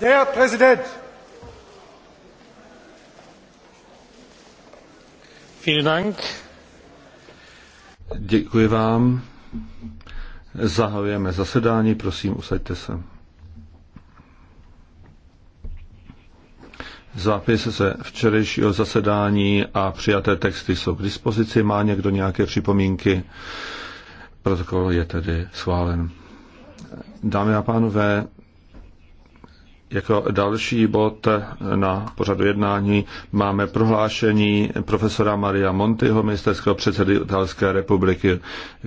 Der Präsident. Vielen Dank. Děkuji vám. Zahajujeme zasedání, prosím, usaďte se. Zápis se včerejšího zasedání a přijaté texty jsou k dispozici. Má někdo nějaké připomínky? Protokol je tedy schválen. Dámy a pánové, jako další bod na pořadu jednání máme prohlášení profesora Maria Montiho, ministerského předsedy Italské republiky,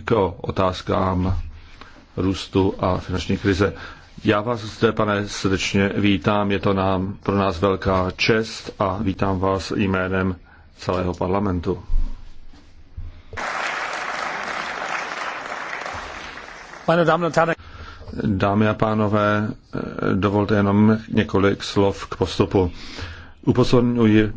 k otázkám růstu a finanční krize. Já vás zde, pane, srdečně vítám. Je to nám, pro nás velká čest a vítám vás jménem celého parlamentu. Pane dámy, tady... Dámy a pánové, dovolte jenom několik slov k postupu. Upozorňuji eh,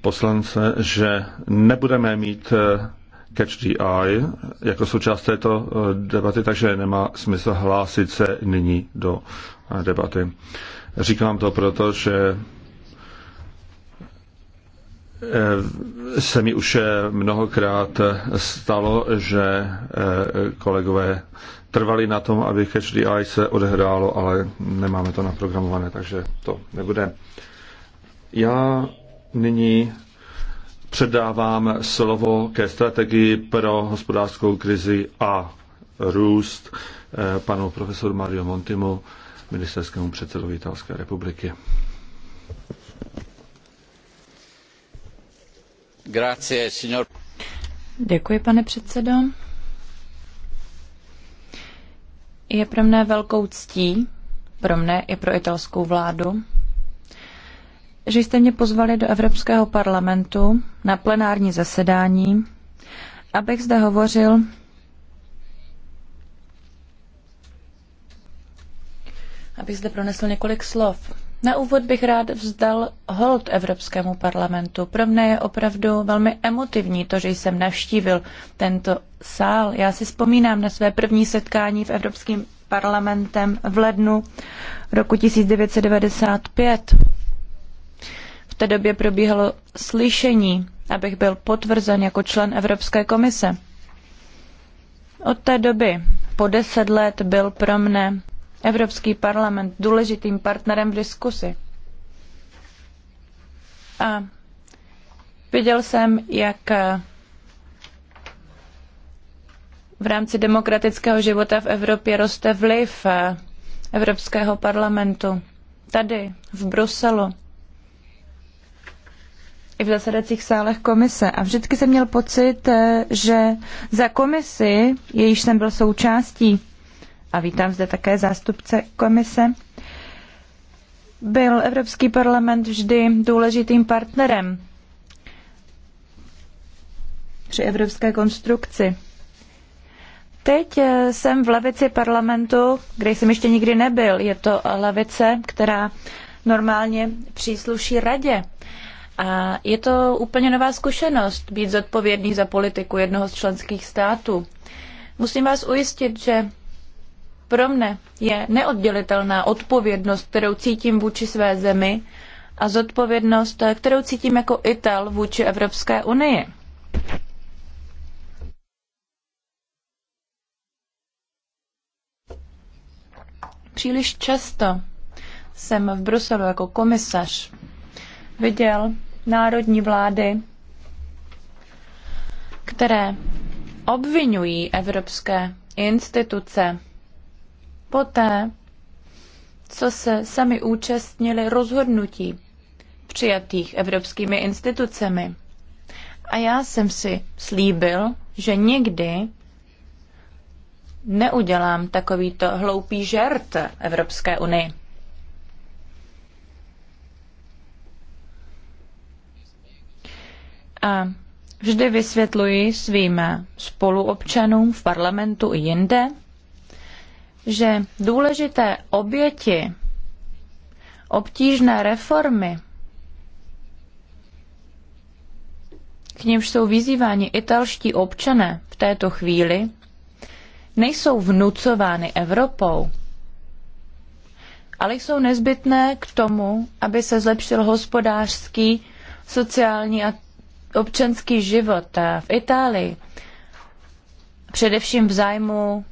poslance, že nebudeme mít eh, catch the eye jako součást této eh, debaty, takže nemá smysl hlásit se nyní do debaty. Říkám to proto, že se mi už mnohokrát stalo, že kolegové trvali na tom, aby Catch the Eye se odehrálo, ale nemáme to naprogramované, takže to nebude. Já nyní předávám slovo ke strategii pro hospodářskou krizi a růst eh, panu profesoru Mario Montimu, ministerskému předsedovi Italské republiky. Grazie, signor. Děkuji, pane předsedo. Je pro mne velkou ctí, pro mne i pro italskou vládu, že jste mě pozvali do Evropského parlamentu na plenární zasedání, abych zde hovořil abych zde pronesl několik slov. Na úvod bych rád vzdal hold Evropskému parlamentu. Pro mne je opravdu velmi emotivní to, že jsem navštívil tento sál. Já si vzpomínám na své první setkání v Evropském parlamentem v lednu roku 1995. V té době probíhalo slyšení, abych byl potvrzen jako člen Evropské komise. Od té doby po deset let byl pro mne Evropský parlament důležitým partnerem v diskusi. A viděl jsem, jak eh, v rámci demokratického života v Evropě roste vliv eh, Evropského parlamentu. Tady, v Bruselu, i v zasedacích sálech komise. A vždycky jsem měl pocit, eh, že za komisi, jejíž jsem byl součástí, a vítám zde také zástupce komise. Byl Evropský parlament vždy důležitým partnerem při evropské konstrukci. Teď eh, jsem v levici parlamentu, kde jsem ještě nikdy nebyl. Je to levice, která normálně přísluší radě. A je to úplně nová zkušenost být zodpovědný za politiku jednoho z členských států. Musím vás ujistit, že pro mne je neoddělitelná odpovědnost, kterou cítím vůči své zemi a zodpovědnost, kterou cítím jako Ital vůči Evropské unii. Příliš často jsem v Bruselu jako komisař viděl národní vlády, které obvinují evropské instituce poté, co se sami účastnili rozhodnutí přijatých evropskými institucemi. A já jsem si slíbil, že nikdy neudělám takovýto hloupý žert Evropské unii. A vždy vysvětluji svým spoluobčanům v parlamentu i jinde, že důležité oběti obtížné reformy, k nímž jsou vyzýváni italští občané v této chvíli, nejsou vnucovány Evropou, ale jsou nezbytné k tomu, aby se zlepšil hospodářský, sociální a občanský život v Itálii. Především v zájmu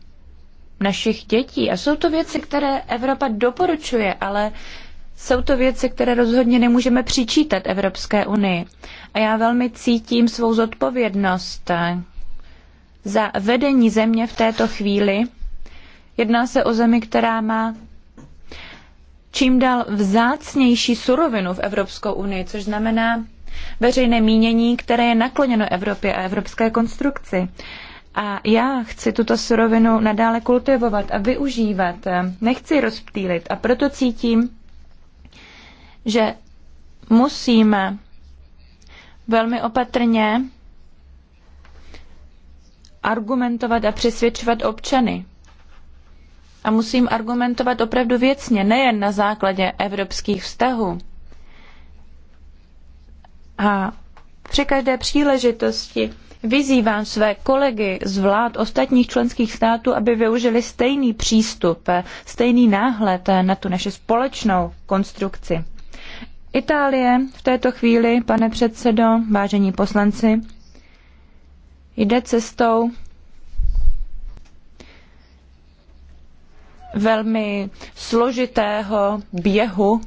našich dětí. A jsou to věci, které Evropa doporučuje, ale jsou to věci, které rozhodně nemůžeme přičítat Evropské unii. A já velmi cítím svou zodpovědnost eh, za vedení země v této chvíli. Jedná se o zemi, která má čím dál vzácnější surovinu v Evropskou unii, což znamená veřejné mínění, které je nakloněno Evropě a evropské konstrukci. A já chci tuto surovinu nadále kultivovat a využívat. Nechci rozptýlit. A proto cítím, že musíme velmi opatrně argumentovat a přesvědčovat občany. A musím argumentovat opravdu věcně, nejen na základě evropských vztahů. A při každé příležitosti Vyzývám své kolegy z vlád ostatních členských států, aby využili stejný přístup, stejný náhled na tu naši společnou konstrukci. Itálie v této chvíli, pane předsedo, vážení poslanci, jde cestou velmi složitého běhu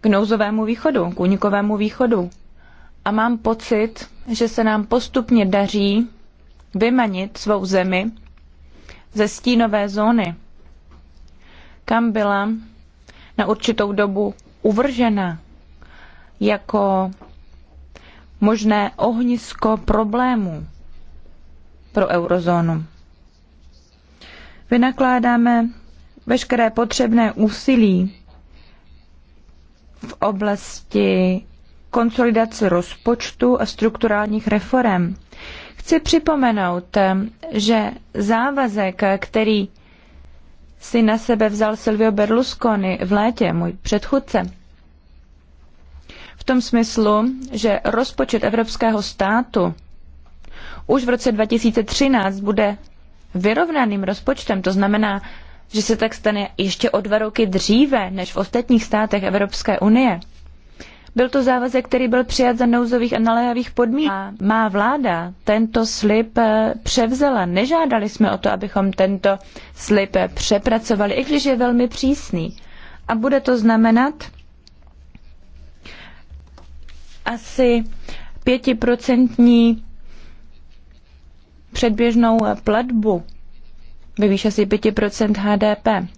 k nouzovému východu, k únikovému východu a mám pocit, že se nám postupně daří vymanit svou zemi ze stínové zóny, kam byla na určitou dobu uvržena jako možné ohnisko problémů pro eurozónu. Vynakládáme veškeré potřebné úsilí v oblasti konsolidaci rozpočtu a strukturálních reform. Chci připomenout, že závazek, který si na sebe vzal Silvio Berlusconi v létě, můj předchůdce, v tom smyslu, že rozpočet Evropského státu už v roce 2013 bude vyrovnaným rozpočtem, to znamená, že se tak stane ještě o dva roky dříve než v ostatních státech Evropské unie. Byl to závazek, který byl přijat za nouzových a naléhavých podmínek. A má vláda tento slib eh, převzala. Nežádali jsme o to, abychom tento slib eh, přepracovali, i když je velmi přísný. A bude to znamenat asi pětiprocentní předběžnou eh, platbu ve výši asi 5% HDP.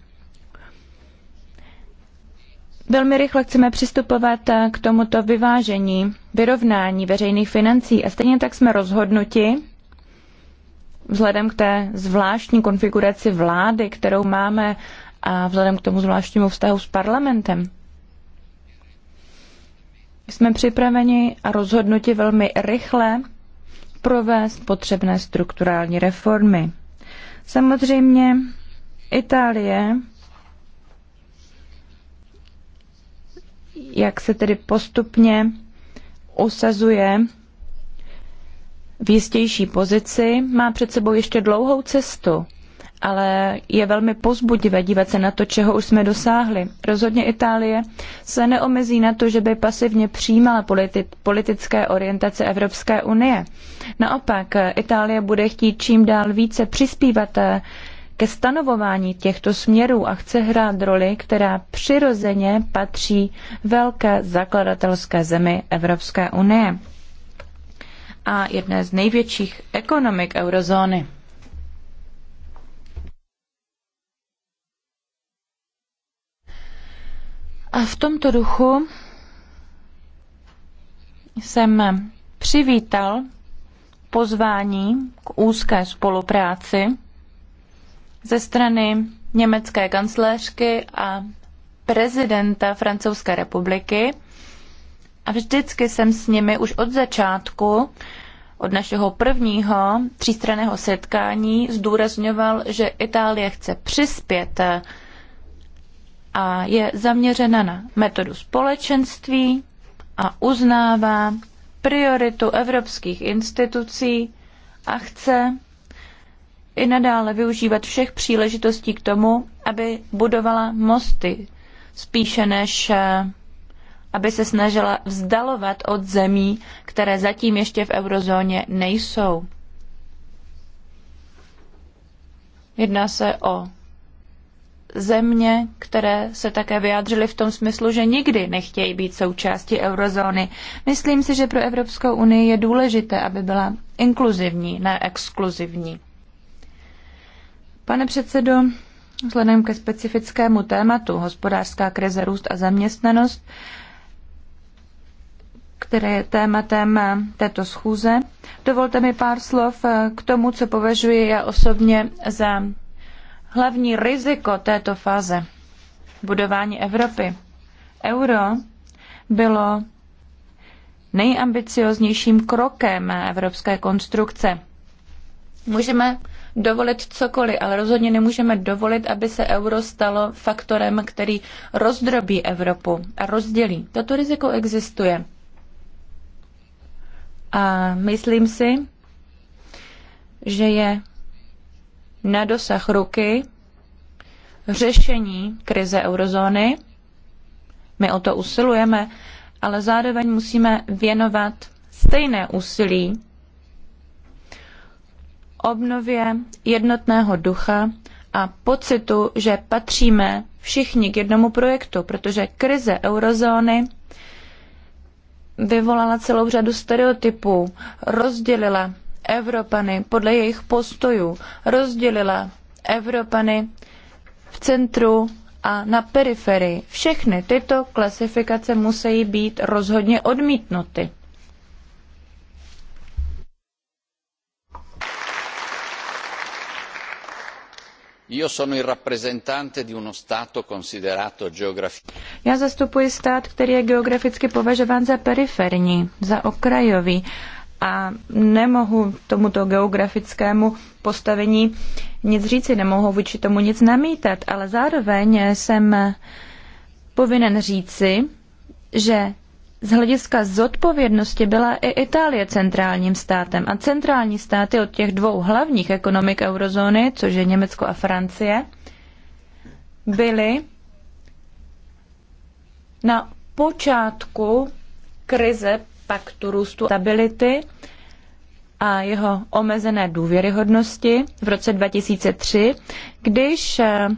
Velmi rychle chceme přistupovat eh, k tomuto vyvážení, vyrovnání veřejných financí a stejně tak jsme rozhodnuti, vzhledem k té zvláštní konfiguraci vlády, kterou máme a vzhledem k tomu zvláštnímu vztahu s parlamentem. Jsme připraveni a rozhodnuti velmi rychle provést potřebné strukturální reformy. Samozřejmě Itálie jak se tedy postupně osazuje v jistější pozici, má před sebou ještě dlouhou cestu, ale je velmi pozbudivé dívat se na to, čeho už jsme dosáhli. Rozhodně Itálie se neomezí na to, že by pasivně přijímala politi- politické orientace Evropské unie. Naopak, Itálie bude chtít čím dál více přispívat eh, ke stanovování těchto směrů a chce hrát roli, která přirozeně patří velké zakladatelské zemi Evropské unie a jedné z největších ekonomik eurozóny. A v tomto duchu jsem přivítal pozvání k úzké spolupráci ze strany německé kancléřky a prezidenta Francouzské republiky a vždycky jsem s nimi už od začátku, od našeho prvního třístraného setkání, zdůrazňoval, že Itálie chce přispět a je zaměřena na metodu společenství a uznává prioritu evropských institucí a chce i nadále využívat všech příležitostí k tomu, aby budovala mosty, spíše než eh, aby se snažila vzdalovat od zemí, které zatím ještě v eurozóně nejsou. Jedná se o země, které se také vyjádřily v tom smyslu, že nikdy nechtějí být součástí eurozóny. Myslím si, že pro Evropskou unii je důležité, aby byla inkluzivní, ne exkluzivní. Pane předsedo, vzhledem ke specifickému tématu hospodářská krize, růst a zaměstnanost, které je tématem této schůze, dovolte mi pár slov k tomu, co považuji já osobně za hlavní riziko této fáze budování Evropy. Euro bylo nejambicioznějším krokem evropské konstrukce. Můžeme dovolit cokoliv, ale rozhodně nemůžeme dovolit, aby se euro stalo faktorem, který rozdrobí Evropu a rozdělí. Toto riziko existuje. A myslím si, že je na dosah ruky řešení krize eurozóny. My o to usilujeme, ale zároveň musíme věnovat stejné úsilí obnově jednotného ducha a pocitu, že patříme všichni k jednomu projektu, protože krize eurozóny vyvolala celou řadu stereotypů, rozdělila Evropany podle jejich postojů, rozdělila Evropany v centru a na periferii. Všechny tyto klasifikace musí být rozhodně odmítnuty. Io sono il rappresentante di uno stato considerato geograficamente. Já zastupuji stát, který je geograficky považován za periferní, za okrajový a nemohu tomuto geografickému postavení nic říci, nemohu vůči tomu nic namítat, ale zároveň jsem povinen říci, že z hlediska zodpovědnosti byla i Itálie centrálním státem a centrální státy od těch dvou hlavních ekonomik eurozóny, což je Německo a Francie, byly na počátku krize paktu růstu stability a jeho omezené důvěryhodnosti v roce 2003, když eh,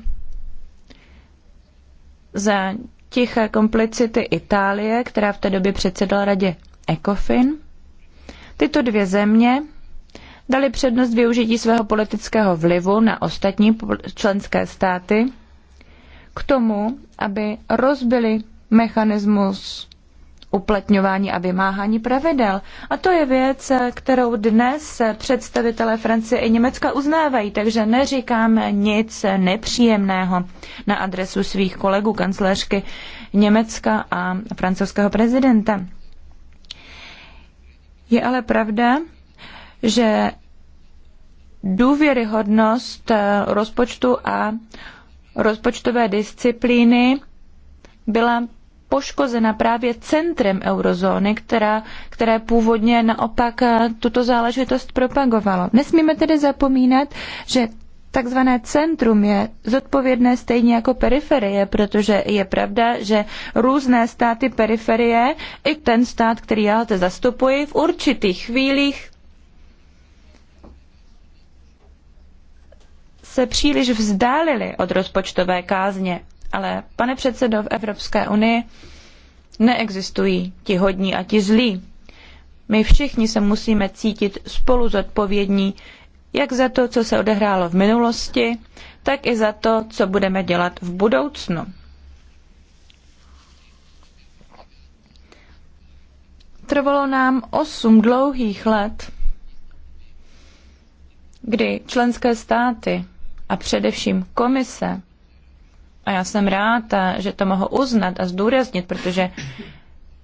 za tiché komplicity Itálie, která v té době předsedala radě ECOFIN. Tyto dvě země dali přednost využití svého politického vlivu na ostatní členské státy k tomu, aby rozbili mechanismus uplatňování a vymáhání pravidel. A to je věc, kterou dnes představitelé Francie i Německa uznávají, takže neříkáme nic nepříjemného na adresu svých kolegů kancléřky Německa a francouzského prezidenta. Je ale pravda, že důvěryhodnost eh, rozpočtu a rozpočtové disciplíny byla poškozena právě centrem eurozóny, která, které původně naopak eh, tuto záležitost propagovalo. Nesmíme tedy zapomínat, že Takzvané centrum je zodpovědné stejně jako periferie, protože je pravda, že různé státy periferie, i ten stát, který já te zastupuji, v určitých chvílích se příliš vzdálili od rozpočtové kázně. Ale, pane předsedo, v Evropské unii neexistují ti hodní a ti zlí. My všichni se musíme cítit spolu zodpovědní jak za to, co se odehrálo v minulosti, tak i za to, co budeme dělat v budoucnu. Trvalo nám osm dlouhých let, kdy členské státy a především komise a já jsem rád, eh, že to mohu uznat a zdůraznit, protože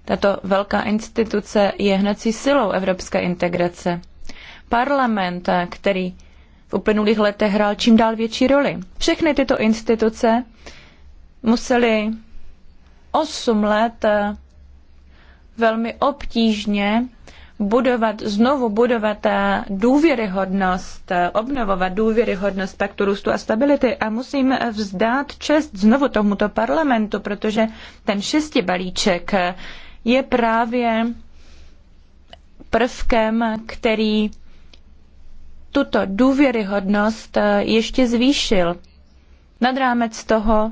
tato velká instituce je hnací silou evropské integrace. Parlament, eh, který v uplynulých letech hrál čím dál větší roli. Všechny tyto instituce museli 8 let eh, velmi obtížně budovat, znovu budovat eh, důvěryhodnost, eh, obnovovat důvěryhodnost paktu růstu a stability a musím eh, vzdát čest znovu tomuto parlamentu, protože ten šesti balíček je právě prvkem, který tuto důvěryhodnost ještě zvýšil nad rámec toho,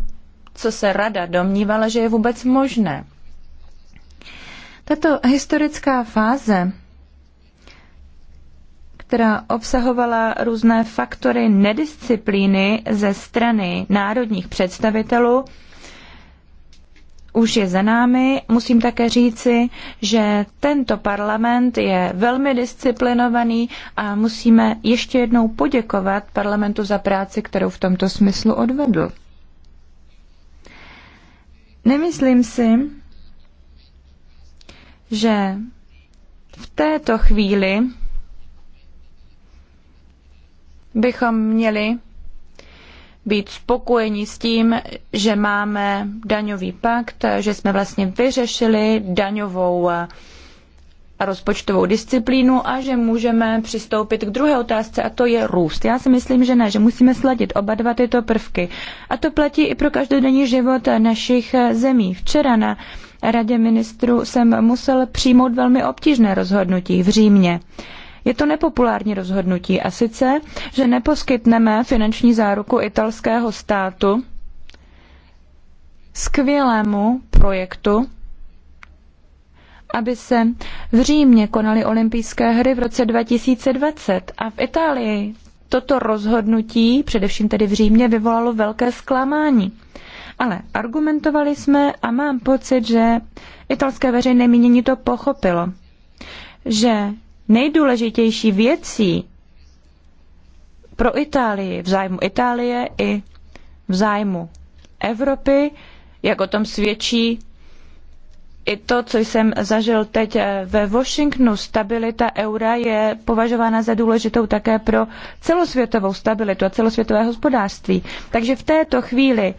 co se rada domnívala, že je vůbec možné. Tato historická fáze, která obsahovala různé faktory nedisciplíny ze strany národních představitelů, už je za námi. Musím také říci, že tento parlament je velmi disciplinovaný a musíme ještě jednou poděkovat parlamentu za práci, kterou v tomto smyslu odvedl. Nemyslím si, že v této chvíli bychom měli být spokojeni s tím, že máme daňový pakt, že jsme vlastně vyřešili daňovou a eh, rozpočtovou disciplínu a že můžeme přistoupit k druhé otázce a to je růst. Já si myslím, že ne, že musíme sladit oba dva tyto prvky. A to platí i pro každodenní život našich eh, zemí. Včera na uh, radě ministrů jsem musel přijmout velmi obtížné rozhodnutí v Římě. Je to nepopulární rozhodnutí a sice, že neposkytneme finanční záruku italského státu skvělému projektu, aby se v Římě konaly olympijské hry v roce 2020 a v Itálii toto rozhodnutí, především tedy v Římě, vyvolalo velké zklamání. Ale argumentovali jsme a mám pocit, že italské veřejné mínění to pochopilo, že nejdůležitější věcí pro Itálii, v zájmu Itálie i v zájmu Evropy, jak o tom svědčí i to, co jsem zažil teď eh, ve Washingtonu, stabilita eura je považována za důležitou také pro celosvětovou stabilitu a celosvětové hospodářství. Takže v této chvíli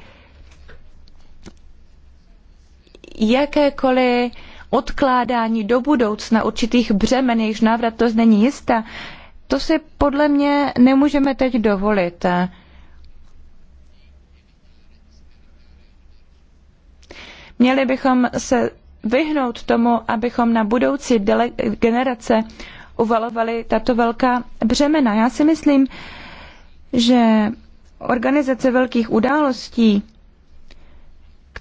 jakékoliv odkládání do budoucna určitých břemen, jejichž návratnost není jistá, to si podle mě nemůžeme teď dovolit. Měli bychom se vyhnout tomu, abychom na budoucí generace uvalovali tato velká břemena. Já si myslím, že organizace velkých událostí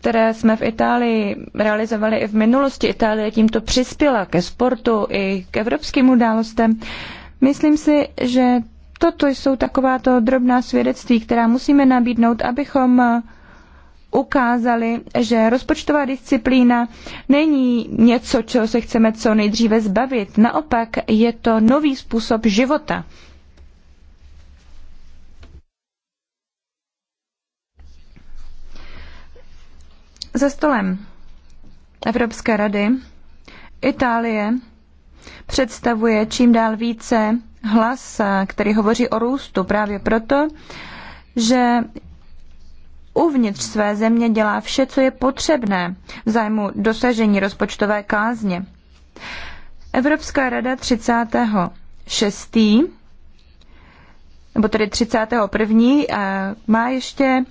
které jsme v Itálii realizovali i v minulosti. Itálie tímto přispěla ke sportu i k evropským událostem. Myslím si, že toto jsou takováto drobná svědectví, která musíme nabídnout, abychom ukázali, že rozpočtová disciplína není něco, čeho se chceme co nejdříve zbavit. Naopak je to nový způsob života. Za stolem Evropské rady Itálie představuje čím dál více hlas, který hovoří o růstu právě proto, že uvnitř své země dělá vše, co je potřebné v zájmu dosažení rozpočtové kázně. Evropská rada 30. nebo tedy 31. má ještě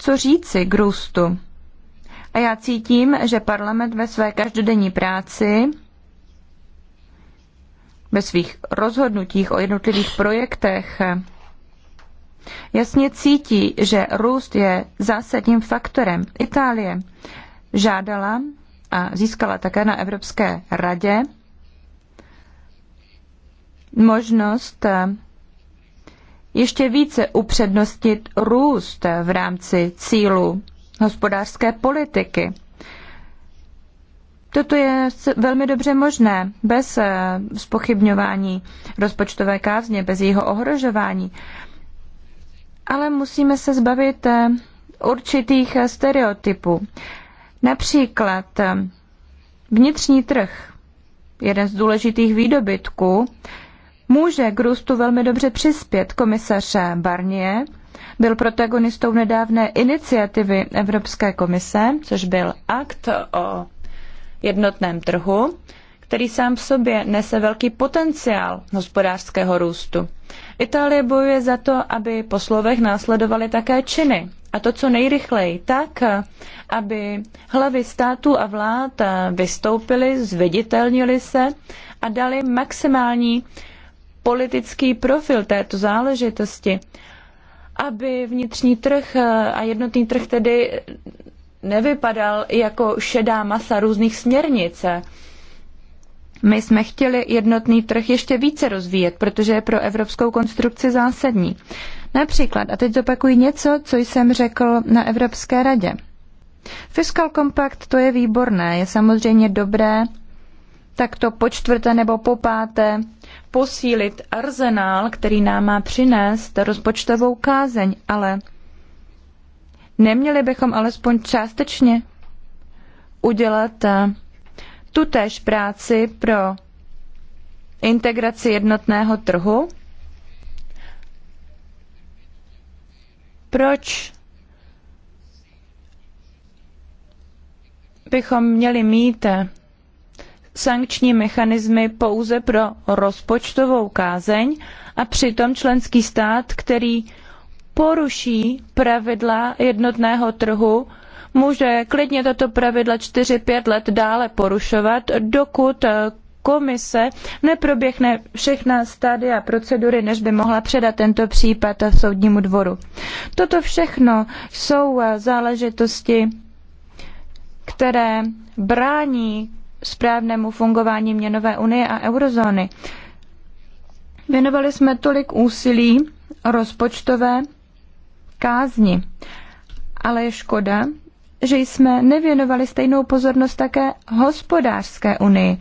co říci k růstu. A já cítím, že parlament ve své každodenní práci, ve svých rozhodnutích o jednotlivých projektech, jasně cítí, že růst je zásadním faktorem. Itálie žádala a získala také na Evropské radě možnost ještě více upřednostnit růst v rámci cílu hospodářské politiky. Toto je velmi dobře možné bez eh, spochybňování rozpočtové kázně, bez jeho ohrožování. Ale musíme se zbavit eh, určitých eh, stereotypů. Například vnitřní trh, jeden z důležitých výdobytků může k růstu velmi dobře přispět. komisaře Barnier byl protagonistou nedávné iniciativy Evropské komise, což byl akt o jednotném trhu, který sám v sobě nese velký potenciál hospodářského růstu. Itálie bojuje za to, aby po slovech následovaly také činy. A to co nejrychleji, tak, aby hlavy států a vlád vystoupily, zveditelnily se a dali maximální politický profil této záležitosti, aby vnitřní trh eh, a jednotný trh tedy nevypadal jako šedá masa různých směrnic. My jsme chtěli jednotný trh ještě více rozvíjet, protože je pro evropskou konstrukci zásadní. Například, a teď zopakuji něco, co jsem řekl na Evropské radě. Fiskal kompakt to je výborné, je samozřejmě dobré, takto po čtvrté nebo po páté posílit arzenál, který nám má přinést rozpočtovou kázeň, ale neměli bychom alespoň částečně udělat eh, tutéž práci pro integraci jednotného trhu? Proč bychom měli mít eh, sankční mechanismy pouze pro rozpočtovou kázeň a přitom členský stát, který poruší pravidla jednotného trhu, může klidně tato pravidla 4-5 let dále porušovat, dokud eh, komise neproběhne všechna stádia procedury, než by mohla předat tento případ soudnímu dvoru. Toto všechno jsou eh, záležitosti, které brání správnému fungování měnové unie a eurozóny. Věnovali jsme tolik úsilí rozpočtové kázni, ale je škoda, že jsme nevěnovali stejnou pozornost také hospodářské unii,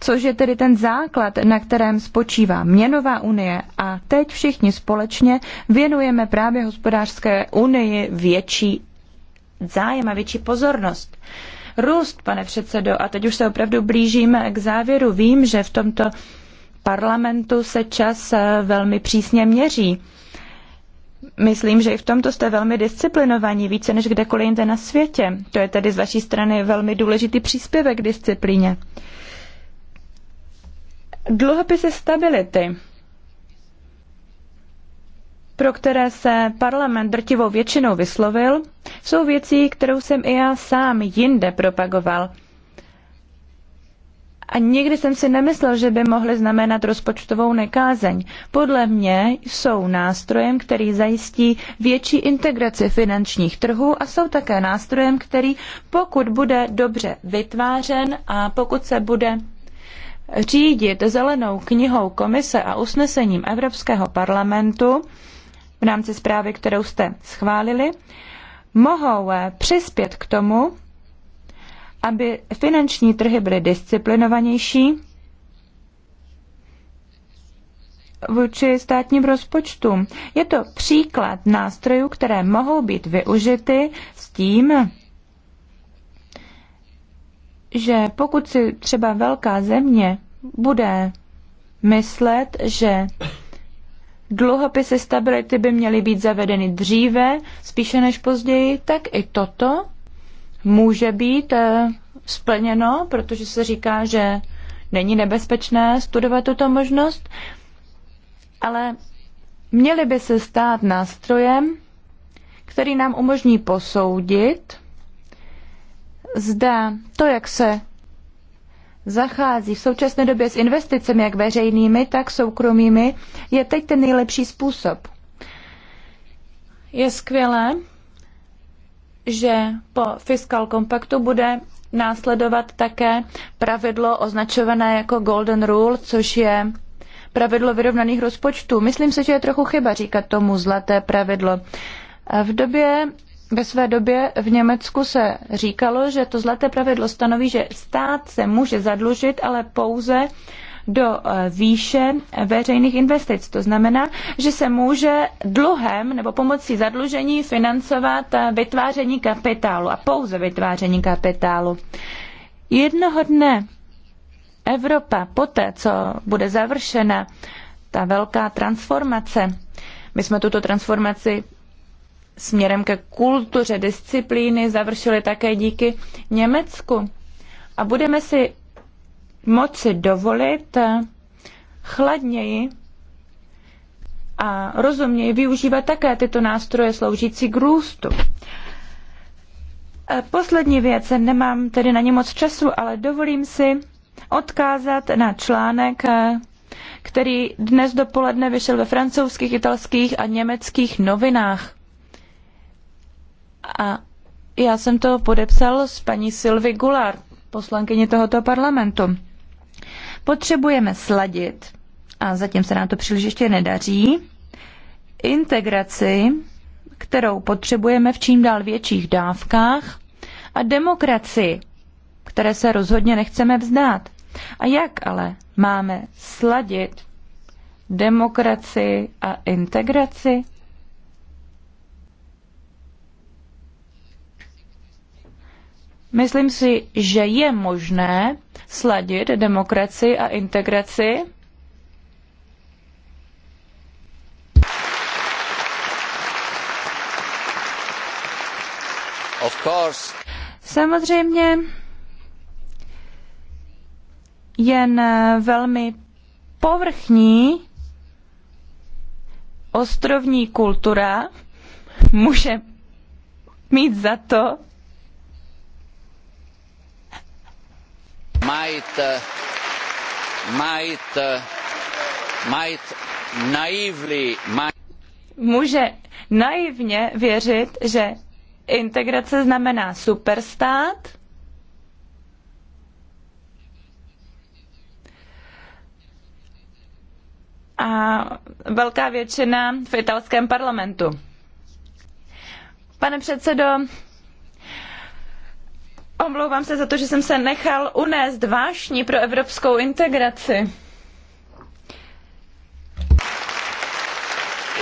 což je tedy ten základ, na kterém spočívá měnová unie a teď všichni společně věnujeme právě hospodářské unii větší zájem a větší pozornost růst, pane předsedo. A teď už se opravdu blížíme k závěru. Vím, že v tomto parlamentu se čas eh, velmi přísně měří. Myslím, že i v tomto jste velmi disciplinovaní, více než kdekoliv jinde na světě. To je tedy z vaší strany velmi důležitý příspěvek k disciplíně. Dluhopisy stability pro které se parlament drtivou většinou vyslovil, jsou věcí, kterou jsem i já sám jinde propagoval. A nikdy jsem si nemyslel, že by mohly znamenat rozpočtovou nekázeň. Podle mě jsou nástrojem, který zajistí větší integraci finančních trhů a jsou také nástrojem, který pokud bude dobře vytvářen a pokud se bude řídit zelenou knihou komise a usnesením Evropského parlamentu, v rámci zprávy, kterou jste schválili, mohou eh, přispět k tomu, aby finanční trhy byly disciplinovanější vůči státním rozpočtům. Je to příklad nástrojů, které mohou být využity s tím, že pokud si třeba velká země bude myslet, že dluhopisy stability by měly být zavedeny dříve, spíše než později, tak i toto může být eh, splněno, protože se říká, že není nebezpečné studovat tuto možnost, ale měly by se stát nástrojem, který nám umožní posoudit, zda to, jak se zachází v současné době s investicemi, jak veřejnými, tak soukromými, je teď ten nejlepší způsob. Je skvělé, že po fiskal kompaktu bude následovat také pravidlo označované jako Golden Rule, což je pravidlo vyrovnaných rozpočtů. Myslím se, že je trochu chyba říkat tomu zlaté pravidlo. V době ve své době v Německu se říkalo, že to zlaté pravidlo stanoví, že stát se může zadlužit, ale pouze do eh, výše veřejných investic. To znamená, že se může dluhem nebo pomocí zadlužení financovat eh, vytváření kapitálu a pouze vytváření kapitálu. Jednoho dne Evropa, poté co bude završena ta velká transformace, my jsme tuto transformaci směrem ke kultuře disciplíny završili také díky Německu. A budeme si moci dovolit chladněji a rozumněji využívat také tyto nástroje sloužící k růstu. E, poslední věc, nemám tedy na ně moc času, ale dovolím si odkázat na článek, e, který dnes dopoledne vyšel ve francouzských, italských a německých novinách. A já jsem to podepsal s paní Sylvie Goulart, poslankyně tohoto parlamentu. Potřebujeme sladit, a zatím se nám to příliš ještě nedaří, integraci, kterou potřebujeme v čím dál větších dávkách, a demokracii, které se rozhodně nechceme vzdát. A jak ale máme sladit demokracii a integraci? Myslím si, že je možné sladit demokracii a integraci. Of course. Samozřejmě jen velmi povrchní ostrovní kultura může mít za to, might uh, might uh, might naively might... Může naivně věřit, že integrace znamená superstát, a velká většina v italském parlamentu. Pane předsedo, Omlouvám se za to, že jsem se nechal unést vášní pro evropskou integraci.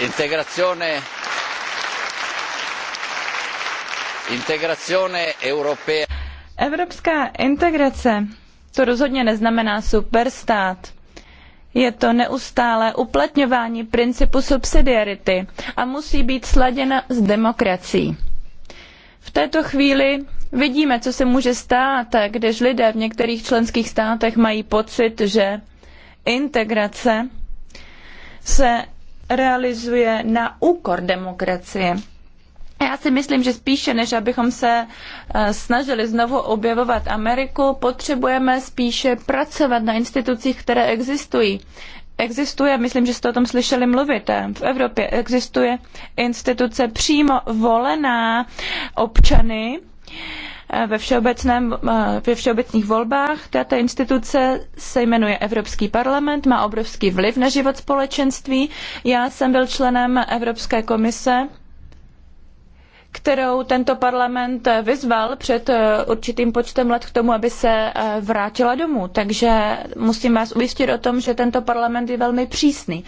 Integrazione Integrazione europea. Evropská integrace to rozhodně neznamená superstát. Je to neustálé uplatňování principu subsidiarity a musí být sladěna s demokracií. V této chvíli Vidíme, co se může stát, když lidé v některých členských státech mají pocit, že integrace se realizuje na úkor demokracie. Já si myslím, že spíše než abychom se eh, snažili znovu objevovat Ameriku, potřebujeme spíše pracovat na institucích, které existují. Existuje, myslím, že jste o tom slyšeli mluvit, eh, v Evropě existuje instituce přímo volená občany, Eh, ve, všeobecném, eh, ve všeobecných volbách. Tato instituce se jmenuje Evropský parlament, má obrovský vliv na život společenství. Já jsem byl členem Evropské komise kterou tento parlament vyzval před eh, určitým počtem let k tomu, aby se vrátila domů. Takže musím vás ujistit o tom, že tento parlament je velmi přísný.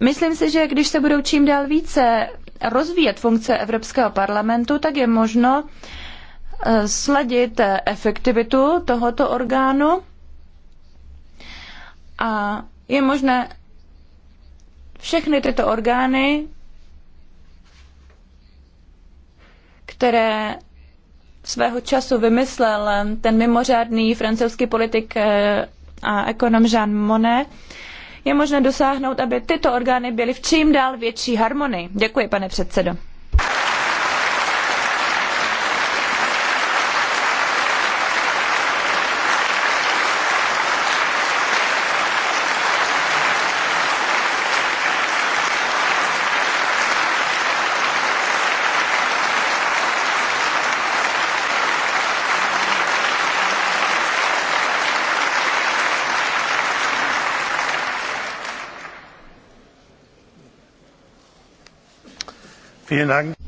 Myslím si, že když se budou čím dál více rozvíjet funkce Evropského parlamentu, tak je možno, Eh, sladit efektivitu tohoto orgánu a je možné všechny tyto orgány, které svého času vymyslel ten mimořádný francouzský politik eh, a ekonom Jean Monnet, je možné dosáhnout, aby tyto orgány byly v čím dál větší harmonii. Děkuji, pane předsedo.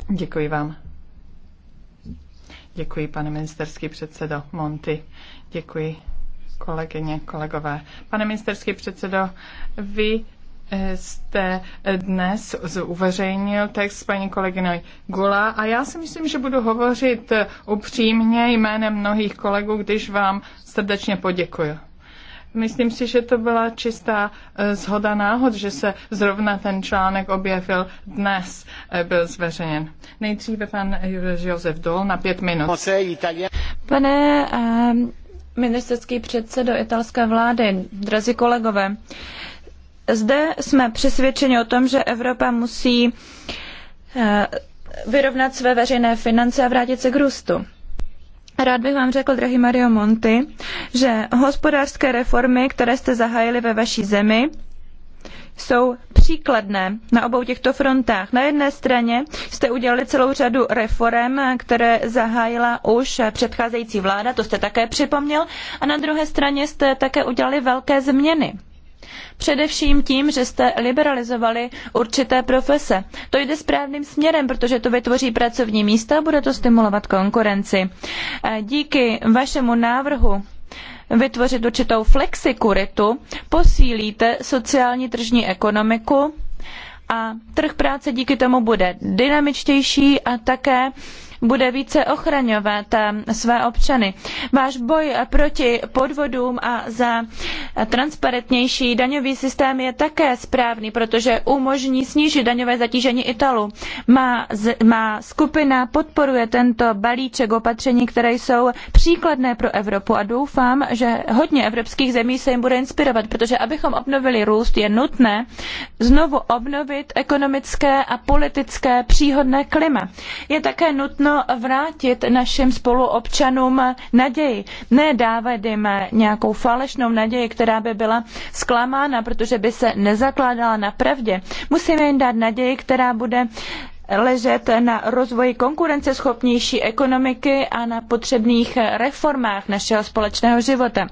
Děkuji vám. Děkuji, pane ministerský předsedo Monty. Děkuji, kolegyně, kolegové. Pane ministerský předsedo, vy eh, jste eh, dnes uveřejnil text paní kolegyně Gula a já si myslím, že budu hovořit eh, upřímně jménem mnohých kolegů, když vám srdečně poděkuji. Myslím si, že to byla čistá zhoda eh, náhod, že se zrovna ten článek objevil dnes, eh, byl zveřejněn. Nejdříve pan eh, Josef Dol na pět minut. Pane ministerský předsedo italské vlády, drazí kolegové, zde jsme přesvědčeni o tom, že Evropa musí vyrovnat své veřejné finance a vrátit se k růstu. Rád bych vám řekl, drahý Mario Monti, že hospodářské reformy, které jste zahájili ve vaší zemi, jsou příkladné na obou těchto frontách. Na jedné straně jste udělali celou řadu reform, které zahájila už předcházející vláda, to jste také připomněl, a na druhé straně jste také udělali velké změny Především tím, že jste liberalizovali určité profese. To jde správným směrem, protože to vytvoří pracovní místa a bude to stimulovat konkurenci. Eh, díky vašemu návrhu vytvořit určitou flexikuritu posílíte sociální tržní ekonomiku a trh práce díky tomu bude dynamičtější a také bude více ochraňovat eh, své občany. Váš boj proti podvodům a za transparentnější daňový systém je také správný, protože umožní snížit daňové zatížení Italů. Má, má skupina podporuje tento balíček opatření, které jsou příkladné pro Evropu a doufám, že hodně evropských zemí se jim bude inspirovat, protože abychom obnovili růst, je nutné znovu obnovit ekonomické a politické příhodné klima. Je také nutno možno vrátit našim spoluobčanům naději. Ne dávat jim nějakou falešnou naději, která by byla zklamána, protože by se nezakládala na pravdě. Musíme jim dát naději, která bude ležet na rozvoji konkurenceschopnější ekonomiky a na potřebných reformách našeho společného života.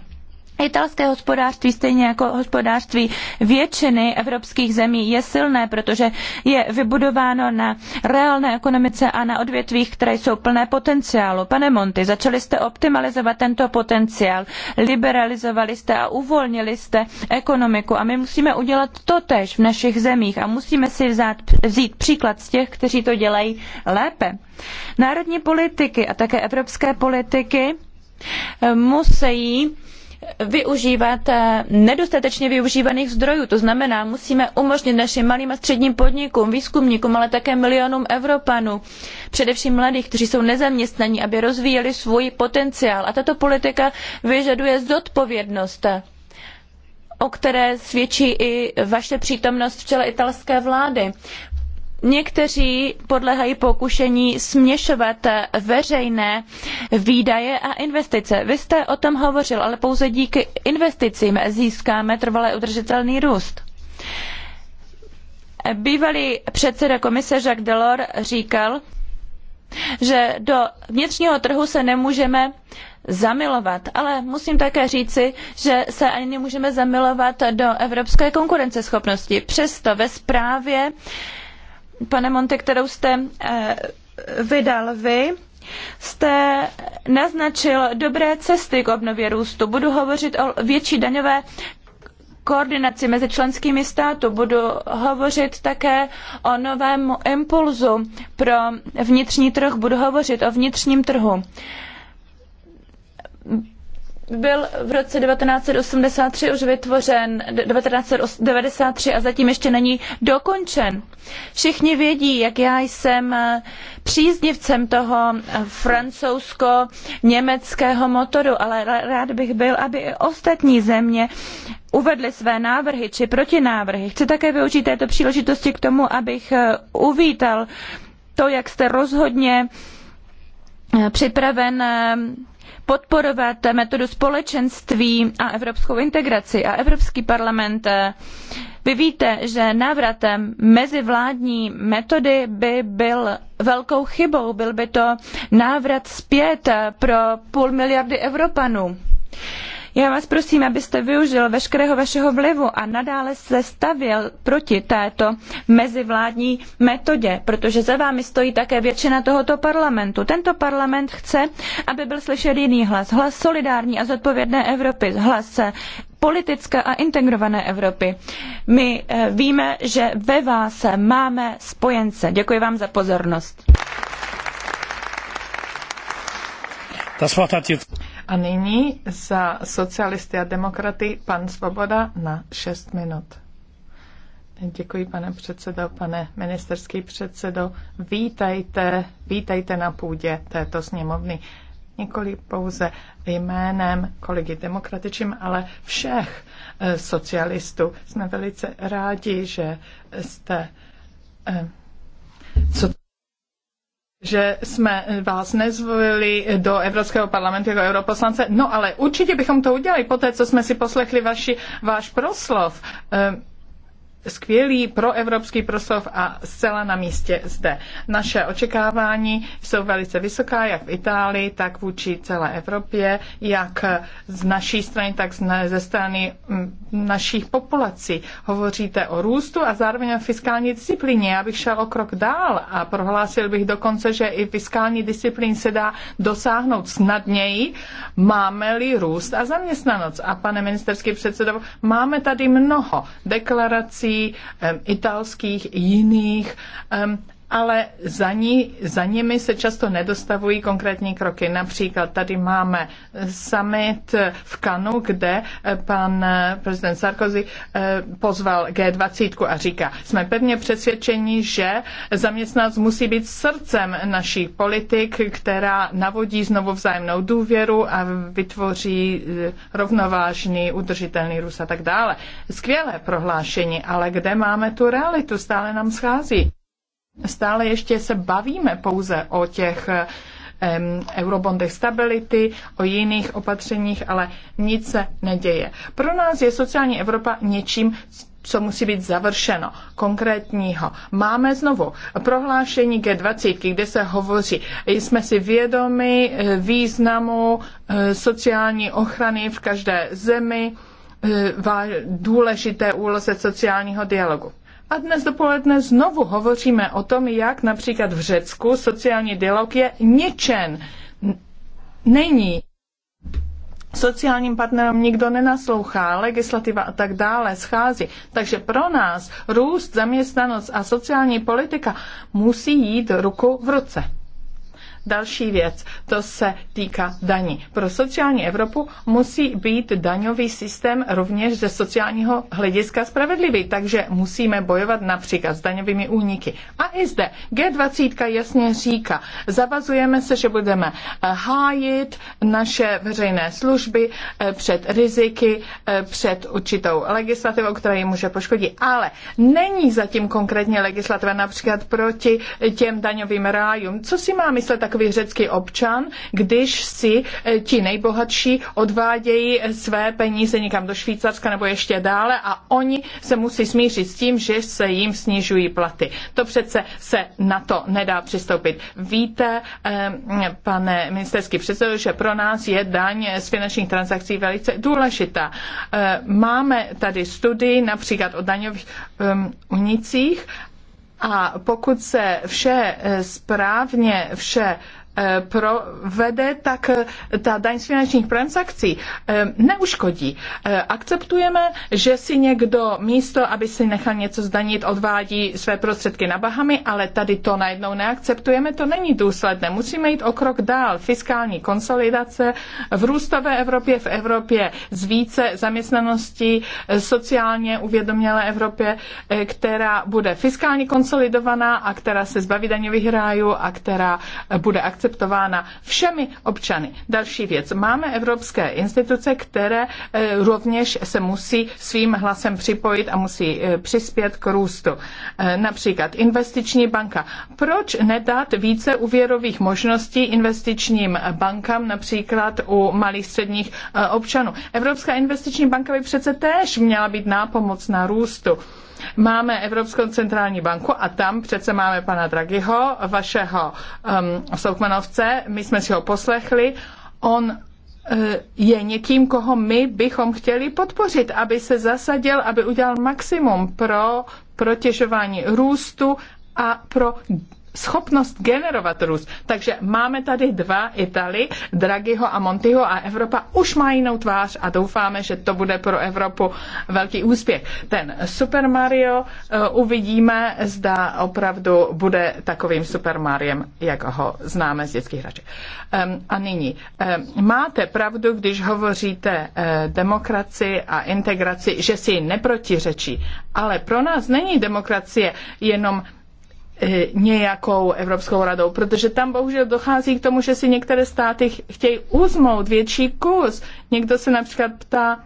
Italské hospodářství, stejně jako hospodářství většiny evropských zemí, je silné, protože je vybudováno na reálné ekonomice a na odvětvích, které jsou plné potenciálu. Pane Monti, začali jste optimalizovat tento potenciál, liberalizovali jste a uvolnili jste ekonomiku a my musíme udělat to tež v našich zemích a musíme si vzát, vzít příklad z těch, kteří to dělají lépe. Národní politiky a také evropské politiky eh, musí využívat eh, nedostatečně využívaných zdrojů. To znamená, musíme umožnit našim malým a středním podnikům, výzkumníkům, ale také milionům Evropanů, především mladých, kteří jsou nezaměstnaní, aby rozvíjeli svůj potenciál. A tato politika vyžaduje zodpovědnost o které svědčí i vaše přítomnost v čele italské vlády. Někteří podlehají pokušení směšovat veřejné výdaje a investice. Vy jste o tom hovořil, ale pouze díky investicím získáme trvale udržitelný růst. Bývalý předseda komise Jacques Delors říkal, že do vnitřního trhu se nemůžeme zamilovat. Ale musím také říci, že se ani nemůžeme zamilovat do evropské konkurenceschopnosti. Přesto ve zprávě uh, pane Monte, kterou jste eh, vydal vy, jste naznačil dobré cesty k obnově růstu. Budu hovořit o větší daňové koordinaci mezi členskými státy. Budu hovořit také o novém impulzu pro vnitřní trh. Budu hovořit o vnitřním trhu byl v roce 1983 už vytvořen 1993 a zatím ještě není dokončen. Všichni vědí, jak já jsem eh, příznivcem toho eh, francouzsko-německého motoru, ale rád bych byl, aby i ostatní země uvedly své návrhy či protinávrhy. Chci také využít této příležitosti k tomu, abych eh, uvítal to, jak jste rozhodně připraven podporovat metodu společenství a evropskou integraci. A Evropský parlament, eh, vy víte, že návratem mezivládní metody by byl velkou chybou. Byl by to návrat zpět pro půl miliardy Evropanů. Já vás prosím, abyste využil veškerého vašeho vlivu a nadále se stavěl proti této mezivládní metodě, protože za vámi stojí také většina tohoto parlamentu. Tento parlament chce, aby byl slyšet jiný hlas, hlas solidární a zodpovědné Evropy, hlas politické a integrované Evropy. My eh, víme, že ve vás máme spojence. Děkuji vám za pozornost. A nyní za socialisty a demokraty pan Svoboda na 6 minut. Děkuji, pane předsedo, pane ministerský předsedo. Vítejte, vítejte na půdě této sněmovny. Nikoli pouze jménem kolegy demokratičím, ale všech eh, socialistů. Jsme velice rádi, že jste eh, co že jsme vás nezvolili do Evropského parlamentu jako europoslance. No ale určitě bychom to udělali po té, co jsme si poslechli vaši, váš proslov. Ehm, skvělý proevropský proslov a zcela na místě zde. Naše očekávání jsou velice vysoká, jak v Itálii, tak vůči celé Evropě, jak z naší strany, tak ze strany mm, našich populací. Hovoříte o růstu a zároveň o fiskální disciplíně. Já bych šel o krok dál a prohlásil bych dokonce, že i fiskální disciplín se dá dosáhnout snadněji, máme-li růst a zaměstnanost. A pane ministerský předsedo, máme tady mnoho deklarací, Francii, italských, jiných ale za, ní, za nimi se často nedostavují konkrétní kroky. Například tady máme summit v Kanu, kde eh, pan eh, prezident Sarkozy eh, pozval G20 a říká, jsme pevně přesvědčeni, že zaměstnanec musí být srdcem našich politik, která navodí znovu vzájemnou důvěru a vytvoří rovnovážný, udržitelný růst a tak dále. Skvělé prohlášení, ale kde máme tu realitu? Stále nám schází stále ještě se bavíme pouze o těch um, eurobondech stability, o jiných opatřeních, ale nic se neděje. Pro nás je sociální Evropa něčím, co musí být završeno, konkrétního. Máme znovu prohlášení G20, kde se hovoří, jsme si vědomi eh, významu eh, sociální ochrany v každé zemi, eh, důležité úloze sociálního dialogu. A dnes dopoledne znovu hovoříme o tom, jak například v Řecku sociální dialog je ničen. Není. Sociálním partnerům nikdo nenaslouchá, legislativa a tak dále schází. Takže pro nás růst, zaměstnanost a sociální politika musí jít ruku v ruce. Další věc, to se týká daní. Pro sociální Evropu musí být daňový systém rovněž ze sociálního hlediska spravedlivý, takže musíme bojovat například s daňovými úniky. A i zde G20 jasně říká, zavazujeme se, že budeme eh, hájit naše veřejné služby eh, před riziky, eh, před určitou legislativou, která ji může poškodit. Ale není zatím konkrétně legislativa například proti těm daňovým rájům. Co si má myslet takový takový řecký občan, když si e, ti nejbohatší odvádějí e, své peníze někam do Švýcarska nebo ještě dále a oni se musí smířit s tím, že se jim snižují platy. To přece se na to nedá přistoupit. Víte, e, pane ministerský předsedo, že pro nás je daň z finančních transakcí velice důležitá. Máme tady studii například o daňových unicích a pokud se vše eh, správně, vše Eh, provede, tak eh, ta daň z finančních transakcí eh, neuškodí. Akceptujeme, že si někdo místo, aby si nechal něco zdanit, odvádí své prostředky na Bahamy, ale tady to najednou neakceptujeme, to není důsledné. Musíme jít o krok dál. Fiskální konsolidace v růstové Evropě, v Evropě z více zaměstnaností, sociálně uvědomělé Evropě, která bude fiskálně konsolidovaná a která se zbaví daňových rájů a která bude akceptovat akceptována všemi občany. Další věc. Máme evropské instituce, které eh, rovněž se musí svým hlasem připojit a musí eh, přispět k růstu. Eh, například investiční banka. Proč nedat více úvěrových možností investičním bankám, například u malých středních občanů? Evropská investiční banka by přece též měla být nápomocná růstu. Máme Evropskou centrální banku a tam přece máme pana Draghiho, vašeho um, soukmanovce, my jsme si ho poslechli, on eh, je někým, koho my bychom chtěli podpořit, aby se zasadil, aby udělal maximum pro protěžování růstu a pro schopnost generovat růst. Takže máme tady dva Italy, Draghiho a Montiho a Evropa už má jinou tvář a doufáme, že to bude pro Evropu velký úspěch. Ten Super Mario uh, uvidíme, zda opravdu bude takovým Super Mariem, jak ho známe z dětských hraček. Um, a nyní, um, máte pravdu, když hovoříte uh, demokracii a integraci, že si neprotiřečí, ale pro nás není demokracie jenom E, nějakou Evropskou radou, protože tam bohužel dochází k tomu, že si některé státy chtějí uzmout větší kus. Někdo se například ptá,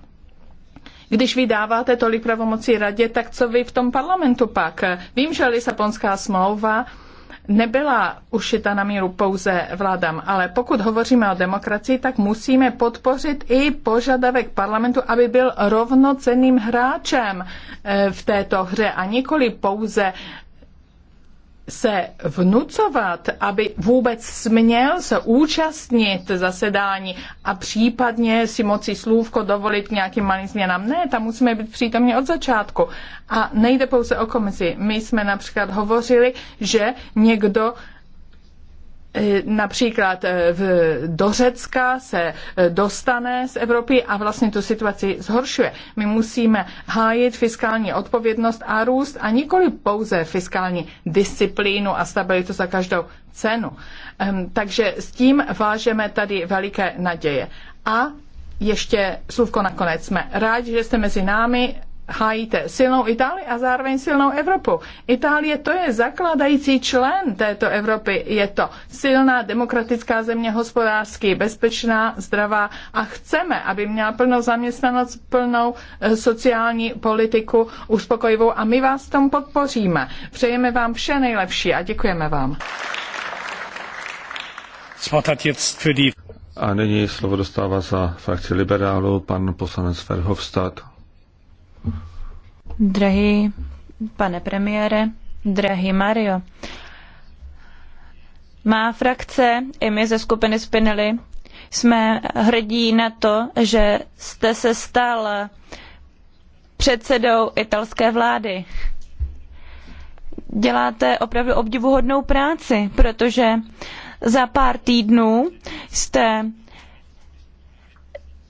když vy dáváte tolik pravomocí radě, tak co vy v tom parlamentu pak? Vím, že Lisabonská smlouva nebyla ušita na míru pouze vládám, ale pokud hovoříme o demokracii, tak musíme podpořit i požadavek parlamentu, aby byl rovnocenným hráčem e, v této hře a nikoli pouze se vnucovat, aby vůbec směl se účastnit zasedání a případně si moci slůvko dovolit nějakým malým změnám. Ne, tam musíme být přítomně od začátku. A nejde pouze o komisi. My jsme například hovořili, že někdo Eh, například eh, v, do Řecka se eh, dostane z Evropy a vlastně tu situaci zhoršuje. My musíme hájit fiskální odpovědnost a růst a nikoli pouze fiskální disciplínu a stabilitu za každou cenu. Ehm, takže s tím vážeme tady veliké naděje. A ještě slůvko nakonec. Jsme rádi, že jste mezi námi hájíte silnou Itálii a zároveň silnou Evropu. Itálie to je zakladající člen této Evropy. Je to silná demokratická země, hospodářský, bezpečná, zdravá a chceme, aby měla plnou zaměstnanost, plnou eh, sociální politiku uspokojivou a my vás v tom podpoříme. Přejeme vám vše nejlepší a děkujeme vám. A nyní slovo dostává za frakci liberálu pan poslanec Verhofstadt. Drahý pane premiére, drahý Mario, má frakce i my ze skupiny Spinelli jsme hrdí na to, že jste se stal předsedou italské vlády. Děláte opravdu obdivuhodnou práci, protože za pár týdnů jste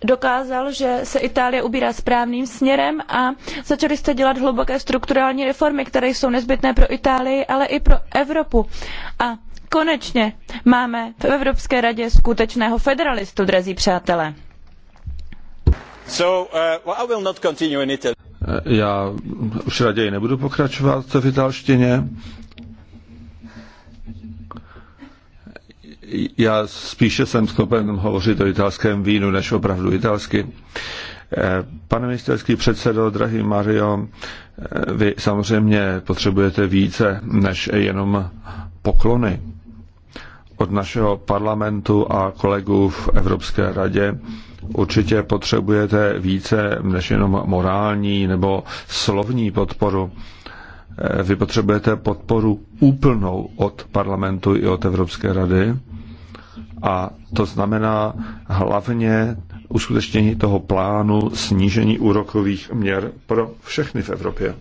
dokázal, že se Itálie ubírá správným směrem a začali jste dělat hluboké strukturální reformy, které jsou nezbytné pro Itálii, ale i pro Evropu. A konečně máme v Evropské radě skutečného federalistu, drazí přátelé. So, uh, well, Já už raději nebudu pokračovat v italštině. já spíše jsem schopen hovořit o italském vínu než opravdu italsky. Eh, pane ministerský předsedo, drahý Mario, eh, vy samozřejmě potřebujete více než jenom poklony od našeho parlamentu a kolegů v Evropské radě. Určitě potřebujete více než jenom morální nebo slovní podporu. Eh, vy potřebujete podporu úplnou od parlamentu i od Evropské rady. A to znamená hlavně uskutečnění toho plánu snížení úrokových měr pro všechny v Evropě.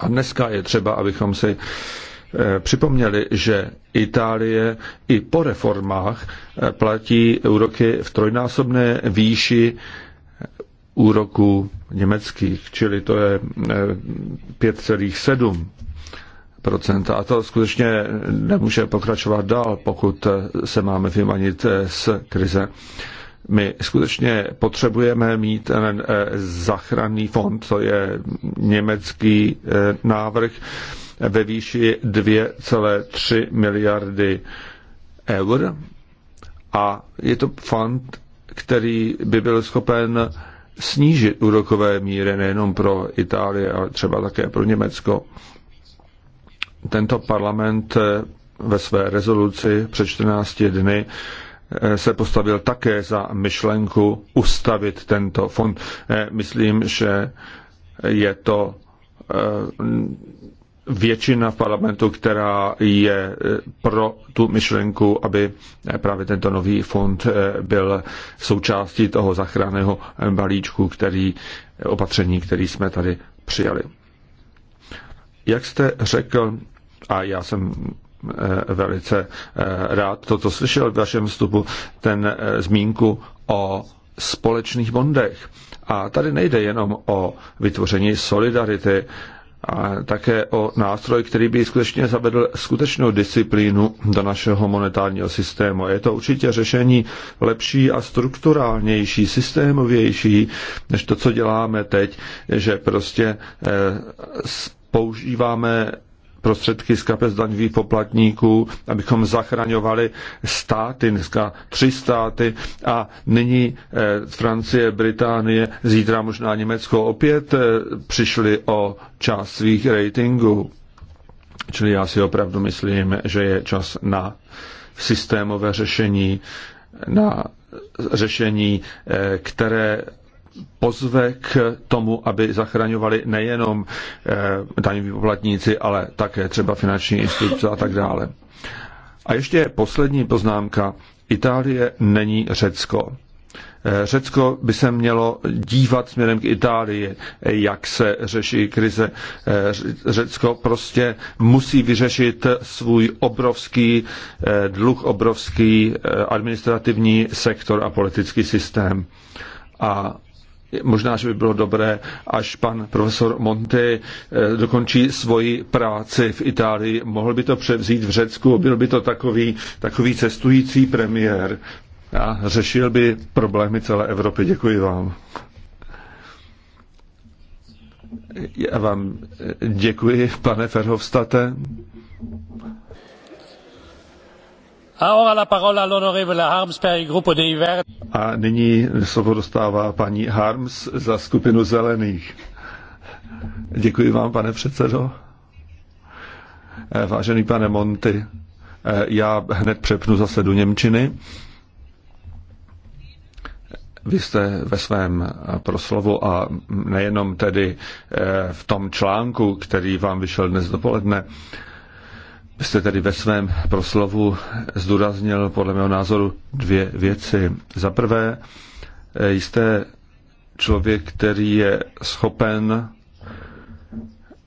A dneska je třeba, abychom si eh, připomněli, že Itálie i po reformách eh, platí úroky v trojnásobné výši úroků německých, čili to je 5,7 eh, a to skutečně nemůže pokračovat dál, pokud eh, se máme vymanit eh, z krize. My skutečně potřebujeme mít ten zachranný fond, to je německý návrh ve výši 2,3 miliardy eur a je to fond, který by byl schopen snížit úrokové míry nejenom pro Itálii, ale třeba také pro Německo. Tento parlament eh, ve své rezoluci před 14 dny eh, se postavil také za myšlenku ustavit tento fond. Eh, myslím, že je to většina v parlamentu, která je eh, pro tu myšlenku, aby eh, právě tento nový fond eh, byl součástí toho zachráného balíčku, který, opatření, který jsme tady přijali. Jak jste řekl, a já jsem velice rád toto slyšel v vašem vstupu, ten zmínku o společných bondech. A tady nejde jenom o vytvoření solidarity, a také o nástroj, který by skutečně zavedl skutečnou disciplínu do našeho monetárního systému. Je to určitě řešení lepší a strukturálnější, systémovější, než to, co děláme teď, že prostě eh, používáme prostředky z kapes daňových poplatníků, abychom zachraňovali státy, dneska tři státy a nyní eh, Francie, Británie, zítra možná Německo opět eh, přišli o část svých ratingů. Čili já si opravdu myslím, že je čas na systémové řešení, na řešení, eh, které pozve k tomu, aby zachraňovali nejenom eh, daňoví poplatníci, ale také třeba finanční instituce a tak dále. A ještě poslední poznámka. Itálie není Řecko. Eh, Řecko by se mělo dívat směrem k Itálii, jak se řeší krize. Eh, Řecko prostě musí vyřešit svůj obrovský dluh, obrovský administrativní sektor a politický systém. A Možná, že by bylo dobré, až pan profesor Monte eh, dokončí svoji práci v Itálii, mohl by to převzít v Řecku, byl by to takový, takový cestující premiér a řešil by problémy celé Evropy. Děkuji vám. Já vám eh, děkuji, pane Ferhovstate. A nyní slovo dostává paní Harms za skupinu zelených. Děkuji vám, pane předsedo. Eh, vážený pane Monty, eh, já hned přepnu zase do Němčiny. Vy jste ve svém proslovu a nejenom tedy eh, v tom článku, který vám vyšel dnes dopoledne, jste tedy ve svém proslovu zdůraznil podle mého názoru dvě věci. Za prvé, eh, jste člověk, který je schopen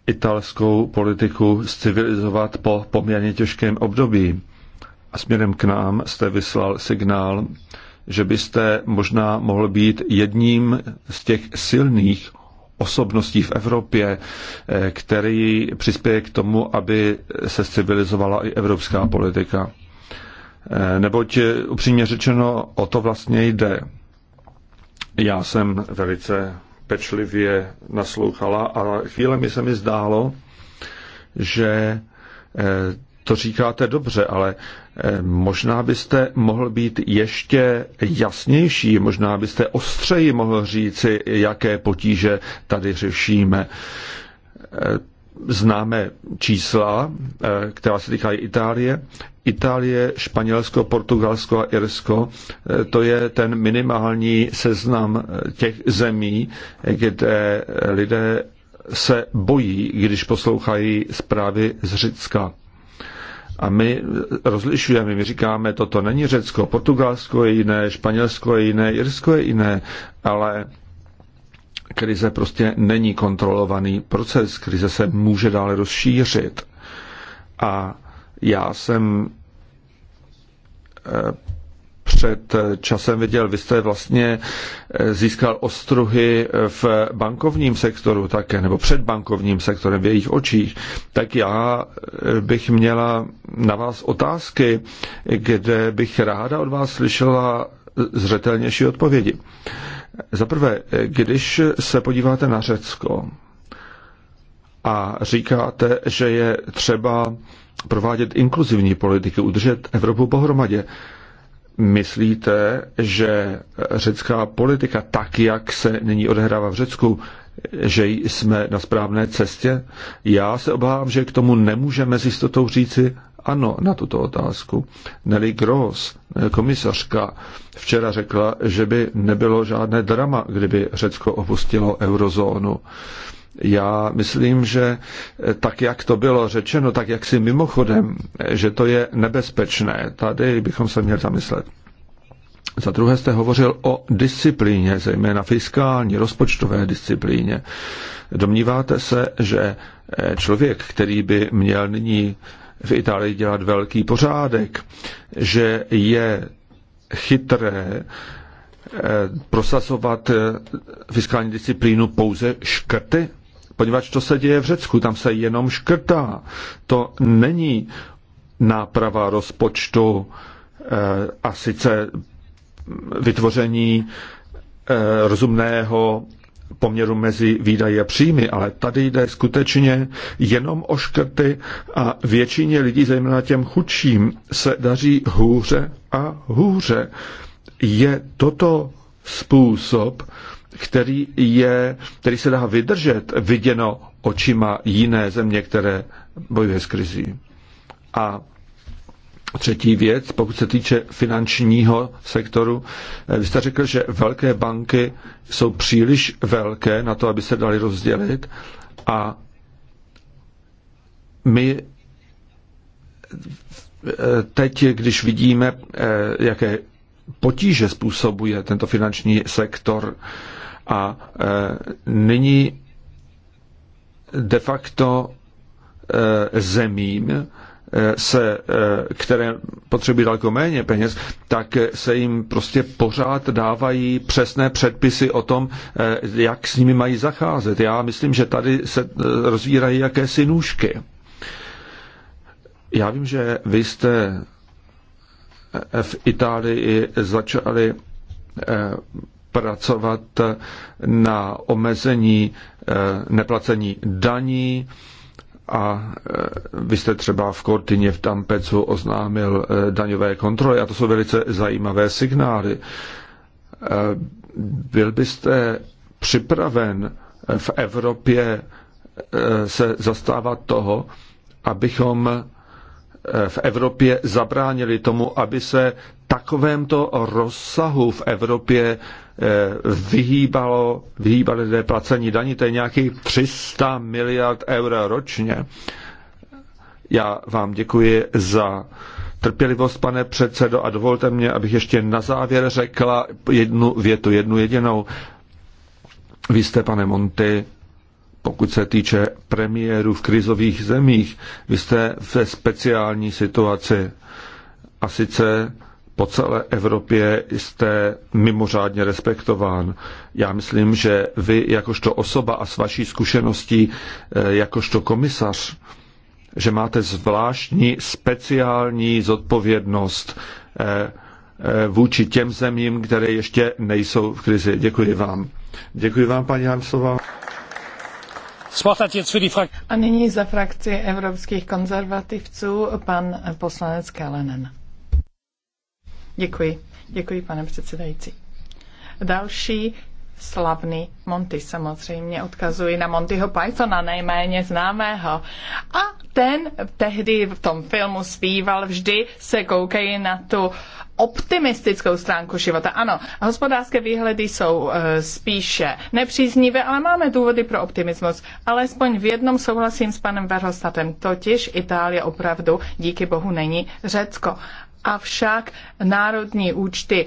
italskou politiku civilizovat po poměrně těžkém období. A směrem k nám jste vyslal signál, že byste možná mohl být jedním z těch silných, osobností v Evropě, eh, který přispěje k tomu, aby se civilizovala i evropská politika. Eh, neboť eh, upřímně řečeno o to vlastně jde. Já jsem velice pečlivě naslouchala a mi se mi zdálo, že to říkáte dobře, ale eh, možná byste mohl být ještě jasnější, možná byste ostřeji mohl říci, jaké potíže tady řešíme. Eh, známe čísla, eh, která se týkají Itálie. Itálie, Španělsko, Portugalsko a Irsko, to je ten minimální seznam těch zemí, kde lidé se bojí, když poslouchají zprávy z Řecka. A my rozlišujeme, my říkáme, toto není Řecko, Portugalsko je jiné, Španělsko je jiné, Irsko je jiné, ale krize prostě není kontrolovaný proces, krize se může dále rozšířit. A já jsem eh, před časem viděl, vy jste vlastně eh, získal ostruhy v bankovním sektoru také, nebo před bankovním sektorem v jejich očích, tak já eh, bych měla na vás otázky, kde bych ráda od vás slyšela zřetelnější odpovědi. Za prvé, když se podíváte na Řecko a říkáte, že je třeba provádět inkluzivní politiky, udržet Evropu pohromadě, myslíte, že řecká politika, tak jak se nyní odehrává v Řecku, že jsme na správné cestě? Já se obávám, že k tomu nemůžeme s jistotou říci ano na tuto otázku. Nelly Gross, komisařka, včera řekla, že by nebylo žádné drama, kdyby Řecko opustilo eurozónu. Já myslím, že eh, tak, jak to bylo řečeno, tak jak si mimochodem, eh, že to je nebezpečné. Tady bychom se měli zamyslet. Za druhé jste hovořil o disciplíně, zejména fiskální, rozpočtové disciplíně. Domníváte se, že eh, člověk, který by měl nyní v Itálii dělat velký pořádek, že je chytré prosazovat fiskální disciplínu pouze škrty? poněvadž to se děje v Řecku, tam se jenom škrtá. To není náprava rozpočtu eh, a sice vytvoření eh, rozumného poměru mezi výdaji a příjmy, ale tady jde skutečně jenom o škrty a většině lidí, zejména těm chudším, se daří hůře a hůře. Je toto způsob, který, je, který se dá vydržet viděno očima jiné země, které bojuje s krizí. A Třetí věc, pokud se týče finančního sektoru, eh, vy jste řekl, že velké banky jsou příliš velké na to, aby se dali rozdělit a my eh, teď, když vidíme, eh, jaké potíže způsobuje tento finanční sektor a e, nyní de facto e, zemím, e, se, které potřebují daleko méně peněz, tak se jim prostě pořád dávají přesné předpisy o tom, jak s nimi mají zacházet. Já myslím, že tady se rozvírají jakési nůžky. Já vím, že vy jste Eh, v Itálii začali eh, pracovat na omezení eh, neplacení daní a vy jste třeba v Kortině v Tampecu oznámil daňové kontroly a to jsou velice zajímavé signály. Byl byste připraven v Evropě se zastávat toho, abychom v Evropě zabránili tomu, aby se takovémto rozsahu v Evropě eh, vyhýbalo, vyhýbali lidé placení daní, to je nějakých 300 miliard eur ročně. Já vám děkuji za trpělivost, pane předsedo, a dovolte mě, abych ještě na závěr řekla jednu větu, jednu jedinou. Vy jste, pane Monty, pokud se týče premiérů v krizových zemích, vy jste ve speciální situaci. A sice po celé Evropě jste mimořádně respektován. Já myslím, že vy jakožto osoba a s vaší zkušeností eh, jakožto komisař, že máte zvláštní speciální zodpovědnost eh, eh, vůči těm zemím, které ještě nejsou v krizi. Děkuji vám. Děkuji vám, paní Hansová. A nyní za frakci evropských konzervativců pan poslanec Kalenen. Děkuji. Děkuji, pane předsedající. Další slavný Monty samozřejmě, odkazuji na Montyho Pythona, nejméně známého. A ten tehdy v tom filmu zpíval vždy se koukají na tu optimistickou stránku života. Ano, hospodářské výhledy jsou e, spíše nepříznivé, ale máme důvody pro optimismus. Alespoň v jednom souhlasím s panem Verhostatem, totiž Itálie opravdu díky bohu není Řecko avšak národní účty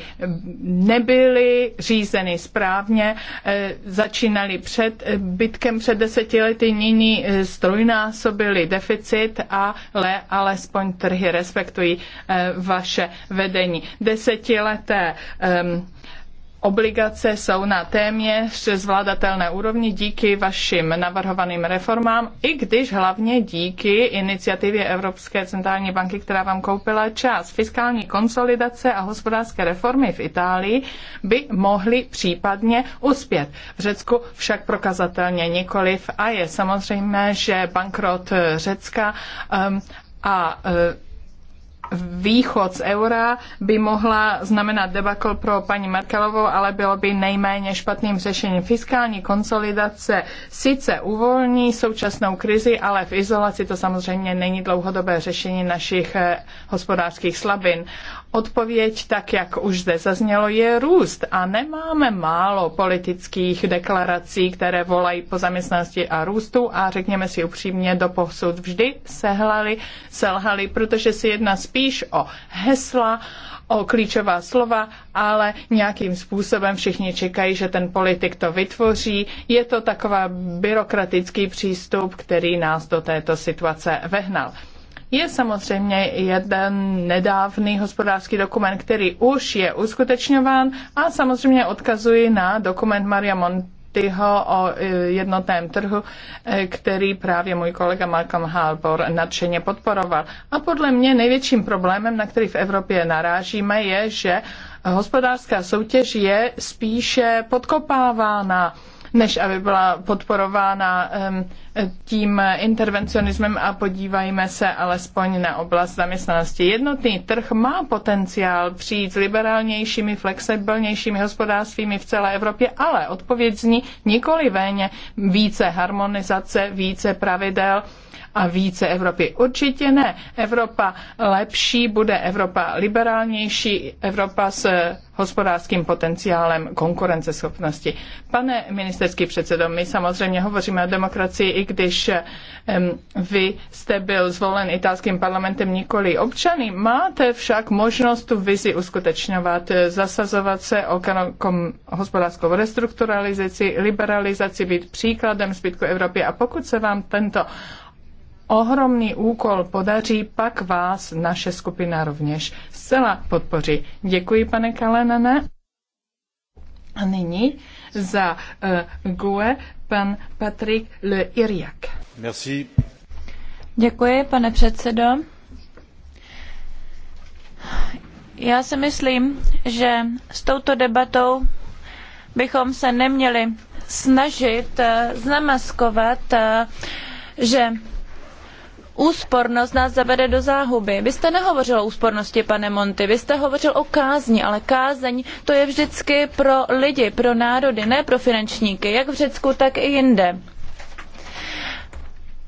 nebyly řízeny správně, e, začínaly před e, bytkem před deseti lety, nyní e, strojnásobili deficit, ale alespoň trhy respektují vaše vedení. Desetileté um, Obligace jsou na téměř zvladatelné úrovni díky vašim navrhovaným reformám, i když hlavně díky iniciativě Evropské centrální banky, která vám koupila čas. Fiskální konsolidace a hospodářské reformy v Itálii by mohly případně uspět. V Řecku však prokazatelně nikoliv a je samozřejmé, že bankrot Řecka um, a uh, východ z eura by mohla znamenat debakl pro paní Merkelovou, ale bylo by nejméně špatným řešením. Fiskální konsolidace sice uvolní současnou krizi, ale v izolaci to samozřejmě není dlouhodobé řešení našich eh, hospodářských slabin. Odpověď, tak jak už zde zaznělo, je růst a nemáme málo politických deklarací, které volají po zaměstnanosti a růstu a řekněme si upřímně, do posud vždy sehlali, selhali, protože se jedná spíš o hesla, o klíčová slova, ale nějakým způsobem všichni čekají, že ten politik to vytvoří. Je to taková byrokratický přístup, který nás do této situace vehnal je samozřejmě jeden nedávný hospodářský dokument, který už je uskutečňován a samozřejmě odkazuji na dokument Maria Montiho o e, jednotném trhu, e, který právě můj kolega Malcolm Harbour nadšeně podporoval. A podle mě největším problémem, na který v Evropě narážíme, je, že hospodářská soutěž je spíše podkopávána než aby byla podporována tím intervencionismem a podívajme se alespoň na oblast zaměstnanosti. Jednotný trh má potenciál přijít s liberálnějšími, flexibilnějšími hospodářstvími v celé Evropě, ale odpověď zní nikoli véně více harmonizace, více pravidel, a více Evropy. Určitě ne. Evropa lepší bude Evropa liberálnější, Evropa s hospodářským potenciálem konkurenceschopnosti. Pane ministerský předsedo, my samozřejmě hovoříme o demokracii, i když vy jste byl zvolen italským parlamentem nikoli občany, máte však možnost tu vizi uskutečňovat, zasazovat se o hospodářskou restrukturalizaci, liberalizaci, být příkladem zbytku Evropy a pokud se vám tento ohromný úkol podaří, pak vás naše skupina rovněž zcela podpoří. Děkuji, pane Kalenane. A nyní za uh, GUE pan Patrik Le Iriak. Merci. Děkuji, pane předsedo. Já si myslím, že s touto debatou bychom se neměli snažit eh, znamaskovat, eh, že úspornost nás zavede do záhuby. Vy jste nehovořil o úspornosti, pane Monty, vy jste hovořil o kázni, ale kázeň to je vždycky pro lidi, pro národy, ne pro finančníky, jak v Řecku, tak i jinde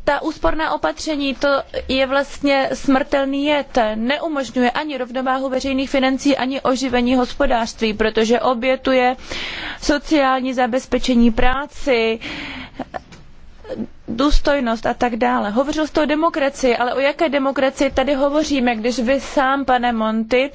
ta úsporná opatření, to je vlastně smrtelný jed. Neumožňuje ani rovnováhu veřejných financí, ani oživení hospodářství, protože obětuje sociální zabezpečení práci, důstojnost a tak dále. Hovořil jste o demokracii, ale o jaké demokracii tady hovoříme, když vy sám, pane Monti,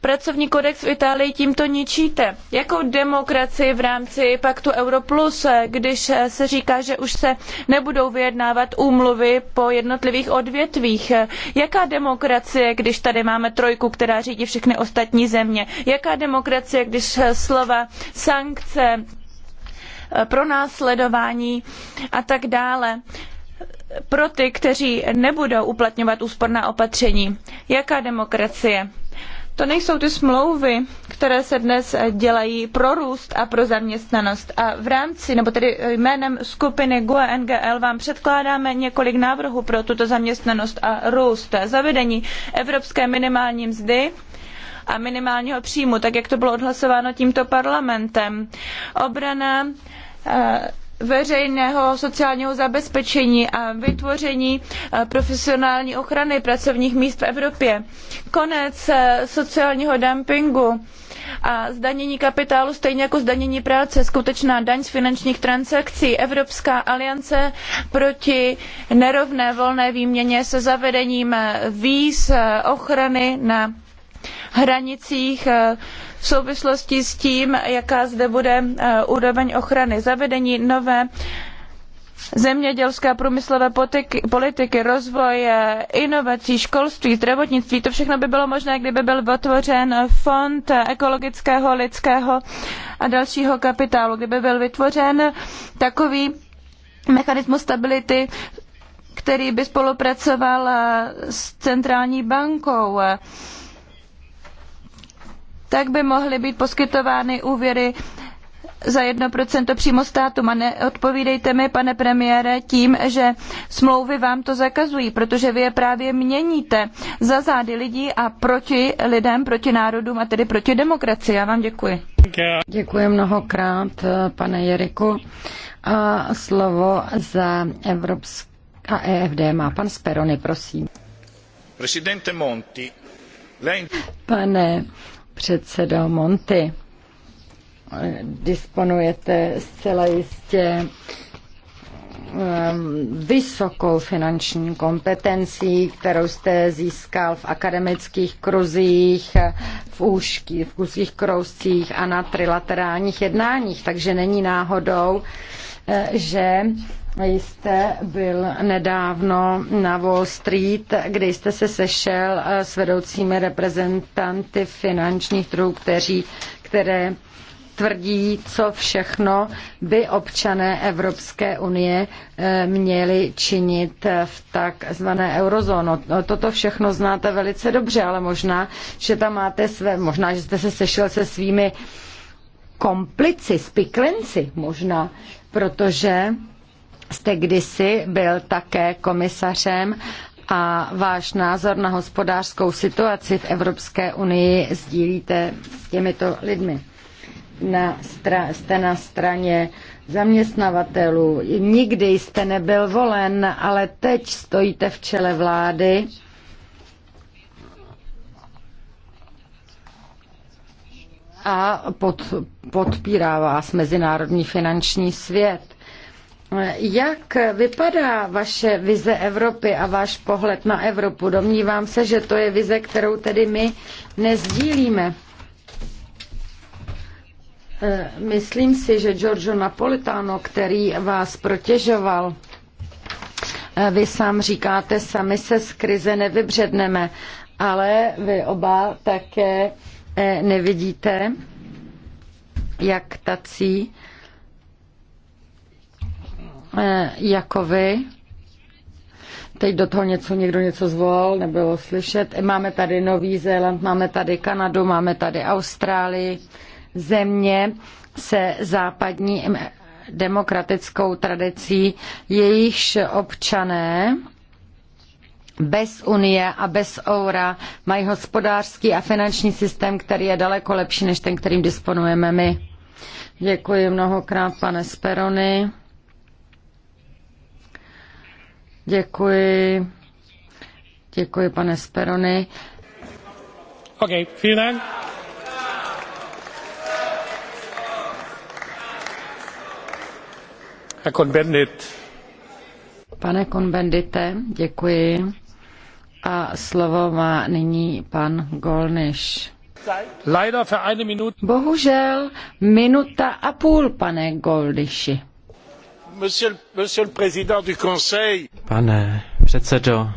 pracovní kodex v Itálii tímto ničíte. Jakou demokracii v rámci paktu Euro Plus, když se říká, že už se nebudou vyjednávat úmluvy po jednotlivých odvětvích? Jaká demokracie, když tady máme trojku, která řídí všechny ostatní země? Jaká demokracie, když slova sankce, pro a tak dále pro ty, kteří nebudou uplatňovat úsporná opatření. Jaká demokracie? To nejsou ty smlouvy, které se dnes dělají pro růst a pro zaměstnanost. A v rámci, nebo tedy jménem skupiny GUE NGL vám předkládáme několik návrhů pro tuto zaměstnanost a růst. Zavedení evropské minimální mzdy, a minimálního příjmu, tak jak to bylo odhlasováno tímto parlamentem. Obrana eh, veřejného sociálního zabezpečení a vytvoření eh, profesionální ochrany pracovních míst v Evropě. Konec eh, sociálního dumpingu a zdanění kapitálu stejně jako zdanění práce, skutečná daň z finančních transakcí, Evropská aliance proti nerovné volné výměně se zavedením víz ochrany na hranicích eh, v souvislosti s tím, jaká zde bude eh, úroveň ochrany. Zavedení nové zemědělské a průmyslové politiky, rozvoj eh, inovací, školství, zdravotnictví, to všechno by bylo možné, kdyby byl vytvořen fond ekologického, lidského a dalšího kapitálu, kdyby byl vytvořen takový mechanismus stability, který by spolupracoval s centrální bankou tak by mohly být poskytovány úvěry za 1% přímo státům. A neodpovídejte mi, pane premiére, tím, že smlouvy vám to zakazují, protože vy je právě měníte za zády lidí a proti lidem, proti národům a tedy proti demokracii. Já vám děkuji. Děkuji mnohokrát, pane Jeriku. A slovo za a EFD má pan Sperony, prosím. Presidente Monti, Pane předsedo Monty. Disponujete zcela jistě vysokou finanční kompetencí, kterou jste získal v akademických kruzích, v, úžky, v úzkých kruzích a na trilaterálních jednáních. Takže není náhodou, eh, že jste byl nedávno na Wall Street, kde jste se sešel eh, s vedoucími reprezentanty finančních trhů, kteří, které tvrdí, co všechno by občané Evropské unie eh, měli činit v takzvané eurozónu. No, toto všechno znáte velice dobře, ale možná, že tam máte své, možná, že jste se sešel se svými komplici, spiklenci možná, protože jste kdysi byl také komisařem a váš názor na hospodářskou situaci v Evropské unii sdílíte s těmito lidmi. Na stra- jste na straně zaměstnavatelů. Nikdy jste nebyl volen, ale teď stojíte v čele vlády. A pod, podpírá vás mezinárodní finanční svět. Jak vypadá vaše vize Evropy a váš pohled na Evropu? Domnívám se, že to je vize, kterou tedy my nezdílíme. E, myslím si, že Giorgio Napolitano, který vás protěžoval, e, vy sám říkáte, sami se z krize nevybředneme, ale vy oba také e, nevidíte, jak tací Eh, jako vy. Teď do toho něco, někdo něco zvolal, nebylo slyšet. Eh, máme tady Nový Zéland, máme tady Kanadu, máme tady Austrálii. Země se západní demokratickou tradicí, jejichž občané bez Unie a bez eura mají hospodářský a finanční systém, který je daleko lepší než ten, kterým disponujeme my. Děkuji mnohokrát, pane Sperony. Děkuji. Děkuji, pane Sperony. Ok, vielen Dank. Herr bendit Pane Konbendite, děkuji. A slovo má nyní pan Golniš. Bohužel minuta a půl, pane Goldiši. Pane předsedo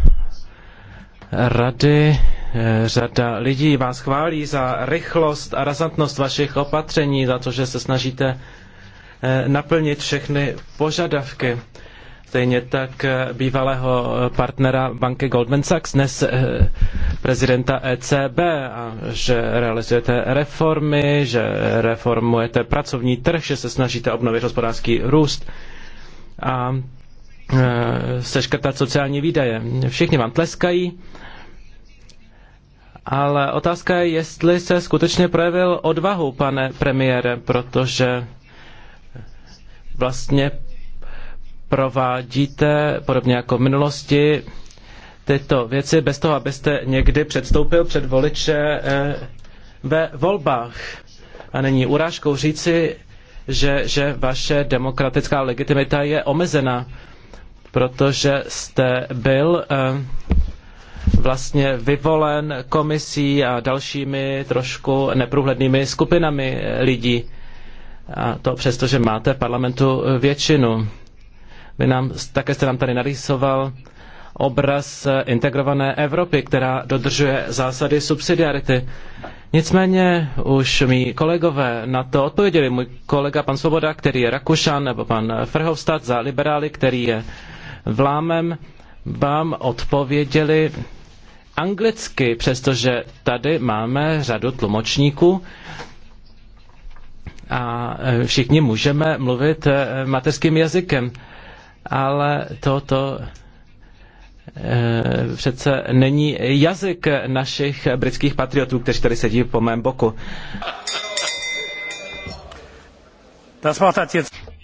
rady, eh, řada lidí vás chválí za rychlost a razantnost vašich opatření, za to, že se snažíte eh, naplnit všechny požadavky. Stejně tak eh, bývalého partnera banky Goldman Sachs, dnes prezidenta ECB, a že realizujete reformy, že reformujete pracovní trh, že se snažíte obnovit hospodářský růst a e, seškrtat sociální výdaje. Všichni vám tleskají, ale otázka je, jestli se skutečně projevil odvahu, pane premiére, protože vlastně provádíte, podobně jako v minulosti, tyto věci bez toho, abyste někdy předstoupil před voliče e, ve volbách. A není urážkou říci, že, že vaše demokratická legitimita je omezena, protože jste byl eh, vlastně vyvolen komisí a dalšími trošku neprůhlednými skupinami lidí. A to přesto, že máte v parlamentu většinu. Vy nám, také jste nám tady narýsoval obraz integrované Evropy, která dodržuje zásady subsidiarity. Nicméně už mý kolegové na to odpověděli. Můj kolega pan Svoboda, který je Rakušan, nebo pan Frhovstad za liberály, který je vlámem, vám odpověděli anglicky, přestože tady máme řadu tlumočníků a e, všichni můžeme mluvit e, mateřským jazykem. Ale toto to Eh, přece není jazyk našich britských patriotů, kteří tady sedí po mém boku.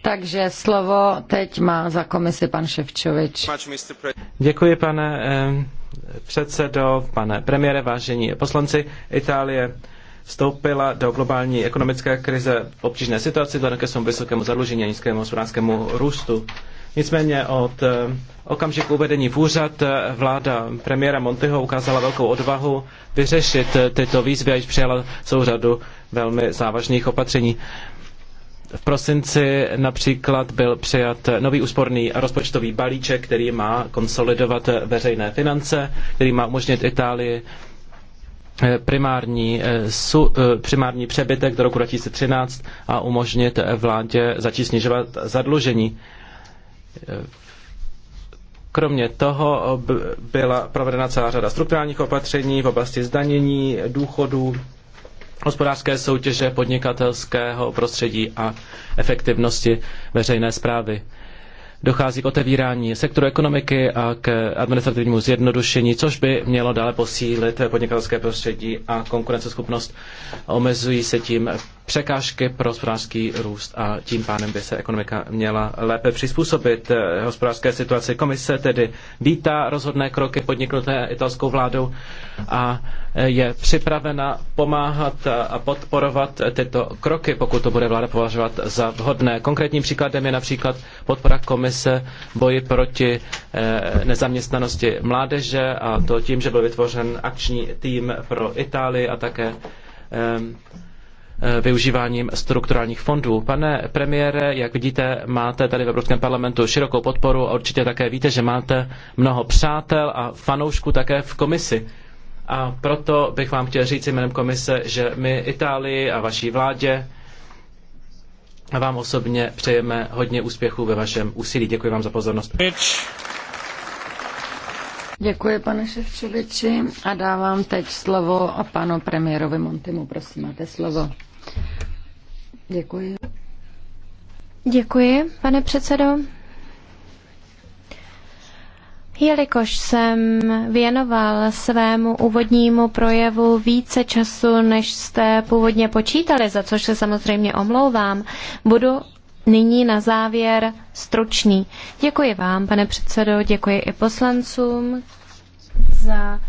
Takže slovo teď má za komisi pan Ševčovič. Děkuji, pane eh, předsedo, pane premiére, vážení poslanci Itálie vstoupila do globální ekonomické krize v obtížné situaci vzhledem ke svému vysokému zadlužení a nízkému hospodářskému růstu. Nicméně od eh, okamžiku uvedení v úřad eh, vláda premiéra Montyho ukázala velkou odvahu vyřešit eh, tyto výzvy, až přijala celou řadu velmi závažných opatření. V prosinci například byl přijat nový úsporný rozpočtový balíček, který má konsolidovat veřejné finance, který má umožnit Itálii primární, su, primární přebytek do roku 2013 a umožnit vládě začít snižovat zadlužení. Kromě toho byla provedena celá řada strukturálních opatření v oblasti zdanění, důchodů, hospodářské soutěže, podnikatelského prostředí a efektivnosti veřejné zprávy dochází k otevírání sektoru ekonomiky a k administrativnímu zjednodušení, což by mělo dále posílit podnikatelské prostředí a konkurenceschopnost. Omezují se tím překážky pro hospodářský růst a tím pádem by se ekonomika měla lépe přizpůsobit hospodářské situaci. Komise tedy vítá rozhodné kroky podniknuté italskou vládou a je připravena pomáhat a podporovat tyto kroky, pokud to bude vláda považovat za vhodné. Konkrétním příkladem je například podpora komise komise boji proti eh, nezaměstnanosti mládeže a to tím, že byl vytvořen akční tým pro Itálii a také ehm, eh, využíváním strukturálních fondů. Pane premiére, jak vidíte, máte tady v Evropském parlamentu širokou podporu a určitě také víte, že máte mnoho přátel a fanoušků také v komisi. A proto bych vám chtěl říct jménem komise, že my Itálii a vaší vládě a vám osobně přejeme hodně úspěchů ve vašem úsilí. Děkuji vám za pozornost. Děkuji, pane Ševčoviči, a dávám teď slovo a panu premiérovi Montimu. Prosím, máte slovo. Děkuji. Děkuji, pane předsedo. Jelikož jsem věnoval svému úvodnímu projevu více času, než jste původně počítali, za což se samozřejmě omlouvám, budu nyní na závěr stručný. Děkuji vám, pane předsedo, děkuji i poslancům za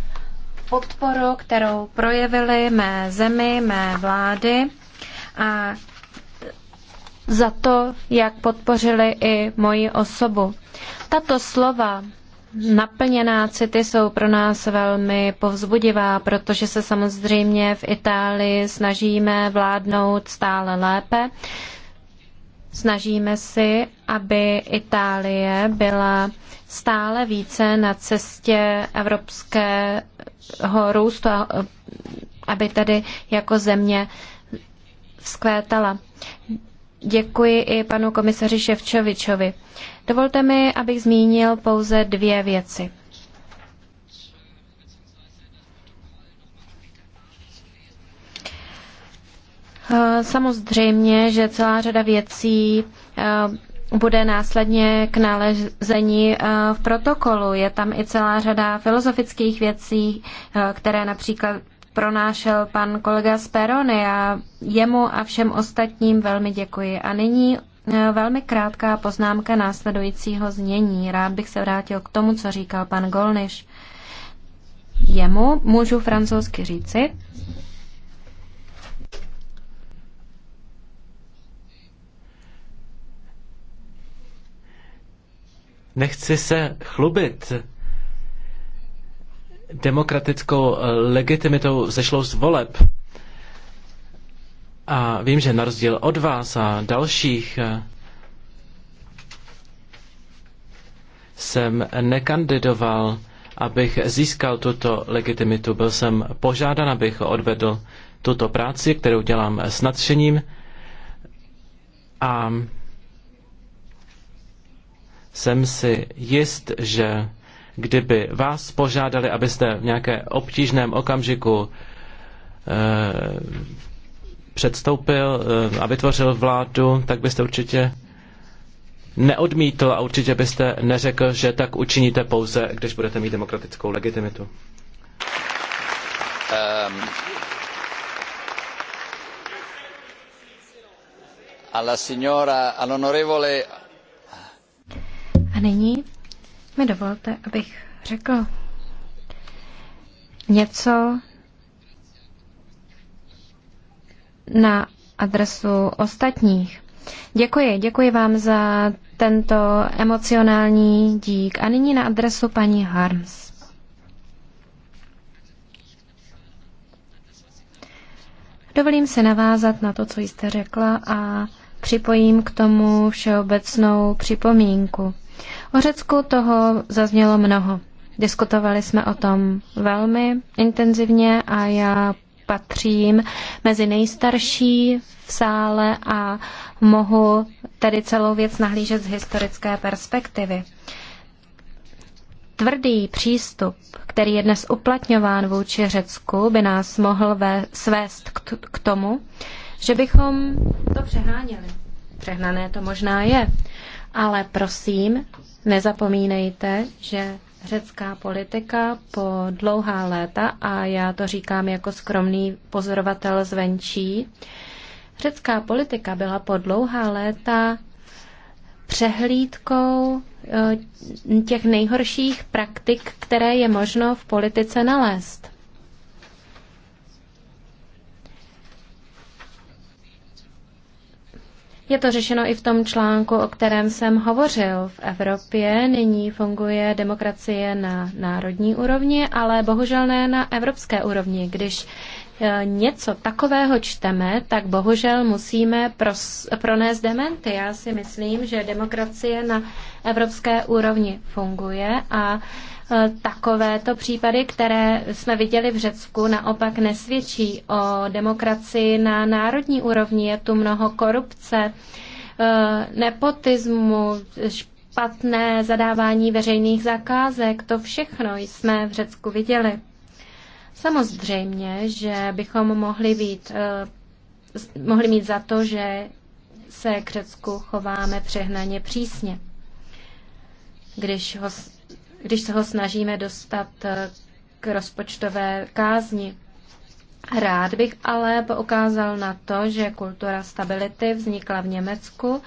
podporu, kterou projevili mé zemi, mé vlády a za to, jak podpořili i moji osobu. Tato slova naplněná city jsou pro nás velmi povzbudivá, protože se samozřejmě v Itálii snažíme vládnout stále lépe. Snažíme si, aby Itálie byla stále více na cestě evropského růstu, aby tedy jako země vzkvétala. Děkuji i panu komisaři Ševčovičovi. Dovolte mi, abych zmínil pouze dvě věci. Eh, samozřejmě, že celá řada věcí eh, bude následně k nalezení eh, v protokolu. Je tam i celá řada filozofických věcí, které například pronášel pan kolega Sperony a jemu a všem ostatním velmi děkuji. A nyní e, velmi krátká poznámka následujícího znění. Rád bych se vrátil k tomu, co říkal pan Golniš. Jemu můžu francouzsky říci. Nechci se chlubit demokratickou eh, legitimitou zešlo z voleb. A vím, že na rozdíl od vás a dalších eh, jsem nekandidoval, abych získal tuto legitimitu. Byl jsem požádán, abych odvedl tuto práci, kterou dělám s nadšením. A jsem si jist, že kdyby vás požádali, abyste v nějaké obtížném okamžiku eh, předstoupil eh, a vytvořil vládu, tak byste určitě neodmítl a určitě byste neřekl, že tak učiníte pouze, když budete mít demokratickou legitimitu. Um, ehm. a la signora, all'onorevole... A nyní mi dovolte, abych řekl něco na adresu ostatních. Děkuji, děkuji vám za tento emocionální dík. A nyní na adresu paní Harms. Dovolím se navázat na to, co jste řekla a připojím k tomu všeobecnou připomínku. O Řecku toho zaznělo mnoho. Diskutovali jsme o tom velmi intenzivně a já patřím mezi nejstarší v sále a mohu tedy celou věc nahlížet z historické perspektivy. Tvrdý přístup, který je dnes uplatňován vůči Řecku, by nás mohl svést k, k tomu, že bychom to přeháněli. Přehnané to možná je, ale prosím, Nezapomínejte, že řecká politika po dlouhá léta, a já to říkám jako skromný pozorovatel zvenčí, řecká politika byla po dlouhá léta přehlídkou eh, těch nejhorších praktik, které je možno v politice nalézt. Je to řešeno i v tom článku, o kterém jsem hovořil. V Evropě nyní funguje demokracie na národní úrovni, ale bohužel ne na evropské úrovni. Když e, něco takového čteme, tak bohužel musíme pros, pronést dementy. Já si myslím, že demokracie na evropské úrovni funguje a E, takovéto případy, které jsme viděli v Řecku, naopak nesvědčí o demokracii na národní úrovni. Je tu mnoho korupce, e, nepotismu, špatné zadávání veřejných zakázek. To všechno jsme v Řecku viděli. Samozřejmě, že bychom mohli, být, e, mohli mít za to, že se k Řecku chováme přehnaně přísně když ho když se ho snažíme dostat eh, k rozpočtové kázni. Rád bych ale poukázal na to, že kultura stability vznikla v Německu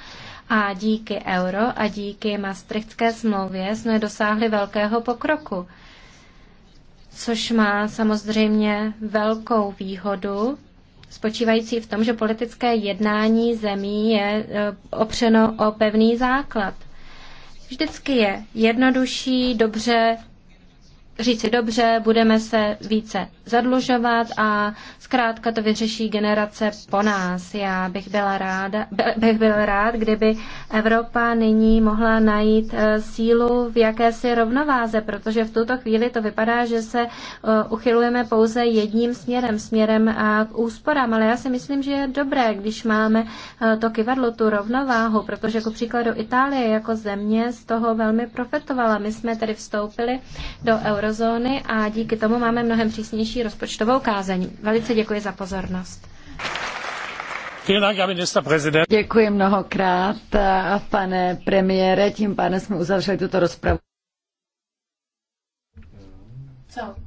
a díky euro a díky Maastrichtské smlouvě jsme dosáhli velkého pokroku, což má samozřejmě velkou výhodu, spočívající v tom, že politické jednání zemí je eh, opřeno o pevný základ. Vždycky je jednodušší dobře říci dobře, budeme se více zadlužovat a zkrátka to vyřeší generace po nás. Já bych, byla ráda, bych byl rád, kdyby Evropa nyní mohla najít eh, sílu v jakési rovnováze, protože v tuto chvíli to vypadá, že se eh, uchylujeme pouze jedním směrem, směrem eh, k úsporám, ale já si myslím, že je dobré, když máme to kyvadlo, tu rovnováhu, protože jako příkladu Itálie jako země z toho velmi profetovala. My jsme tedy vstoupili do euro eurozóny a díky tomu máme mnohem přísnější rozpočtovou kázeň. Velice děkuji za pozornost. Děkuji mnohokrát, pane premiére. Tím pádem jsme uzavřeli tuto rozpravu. Co?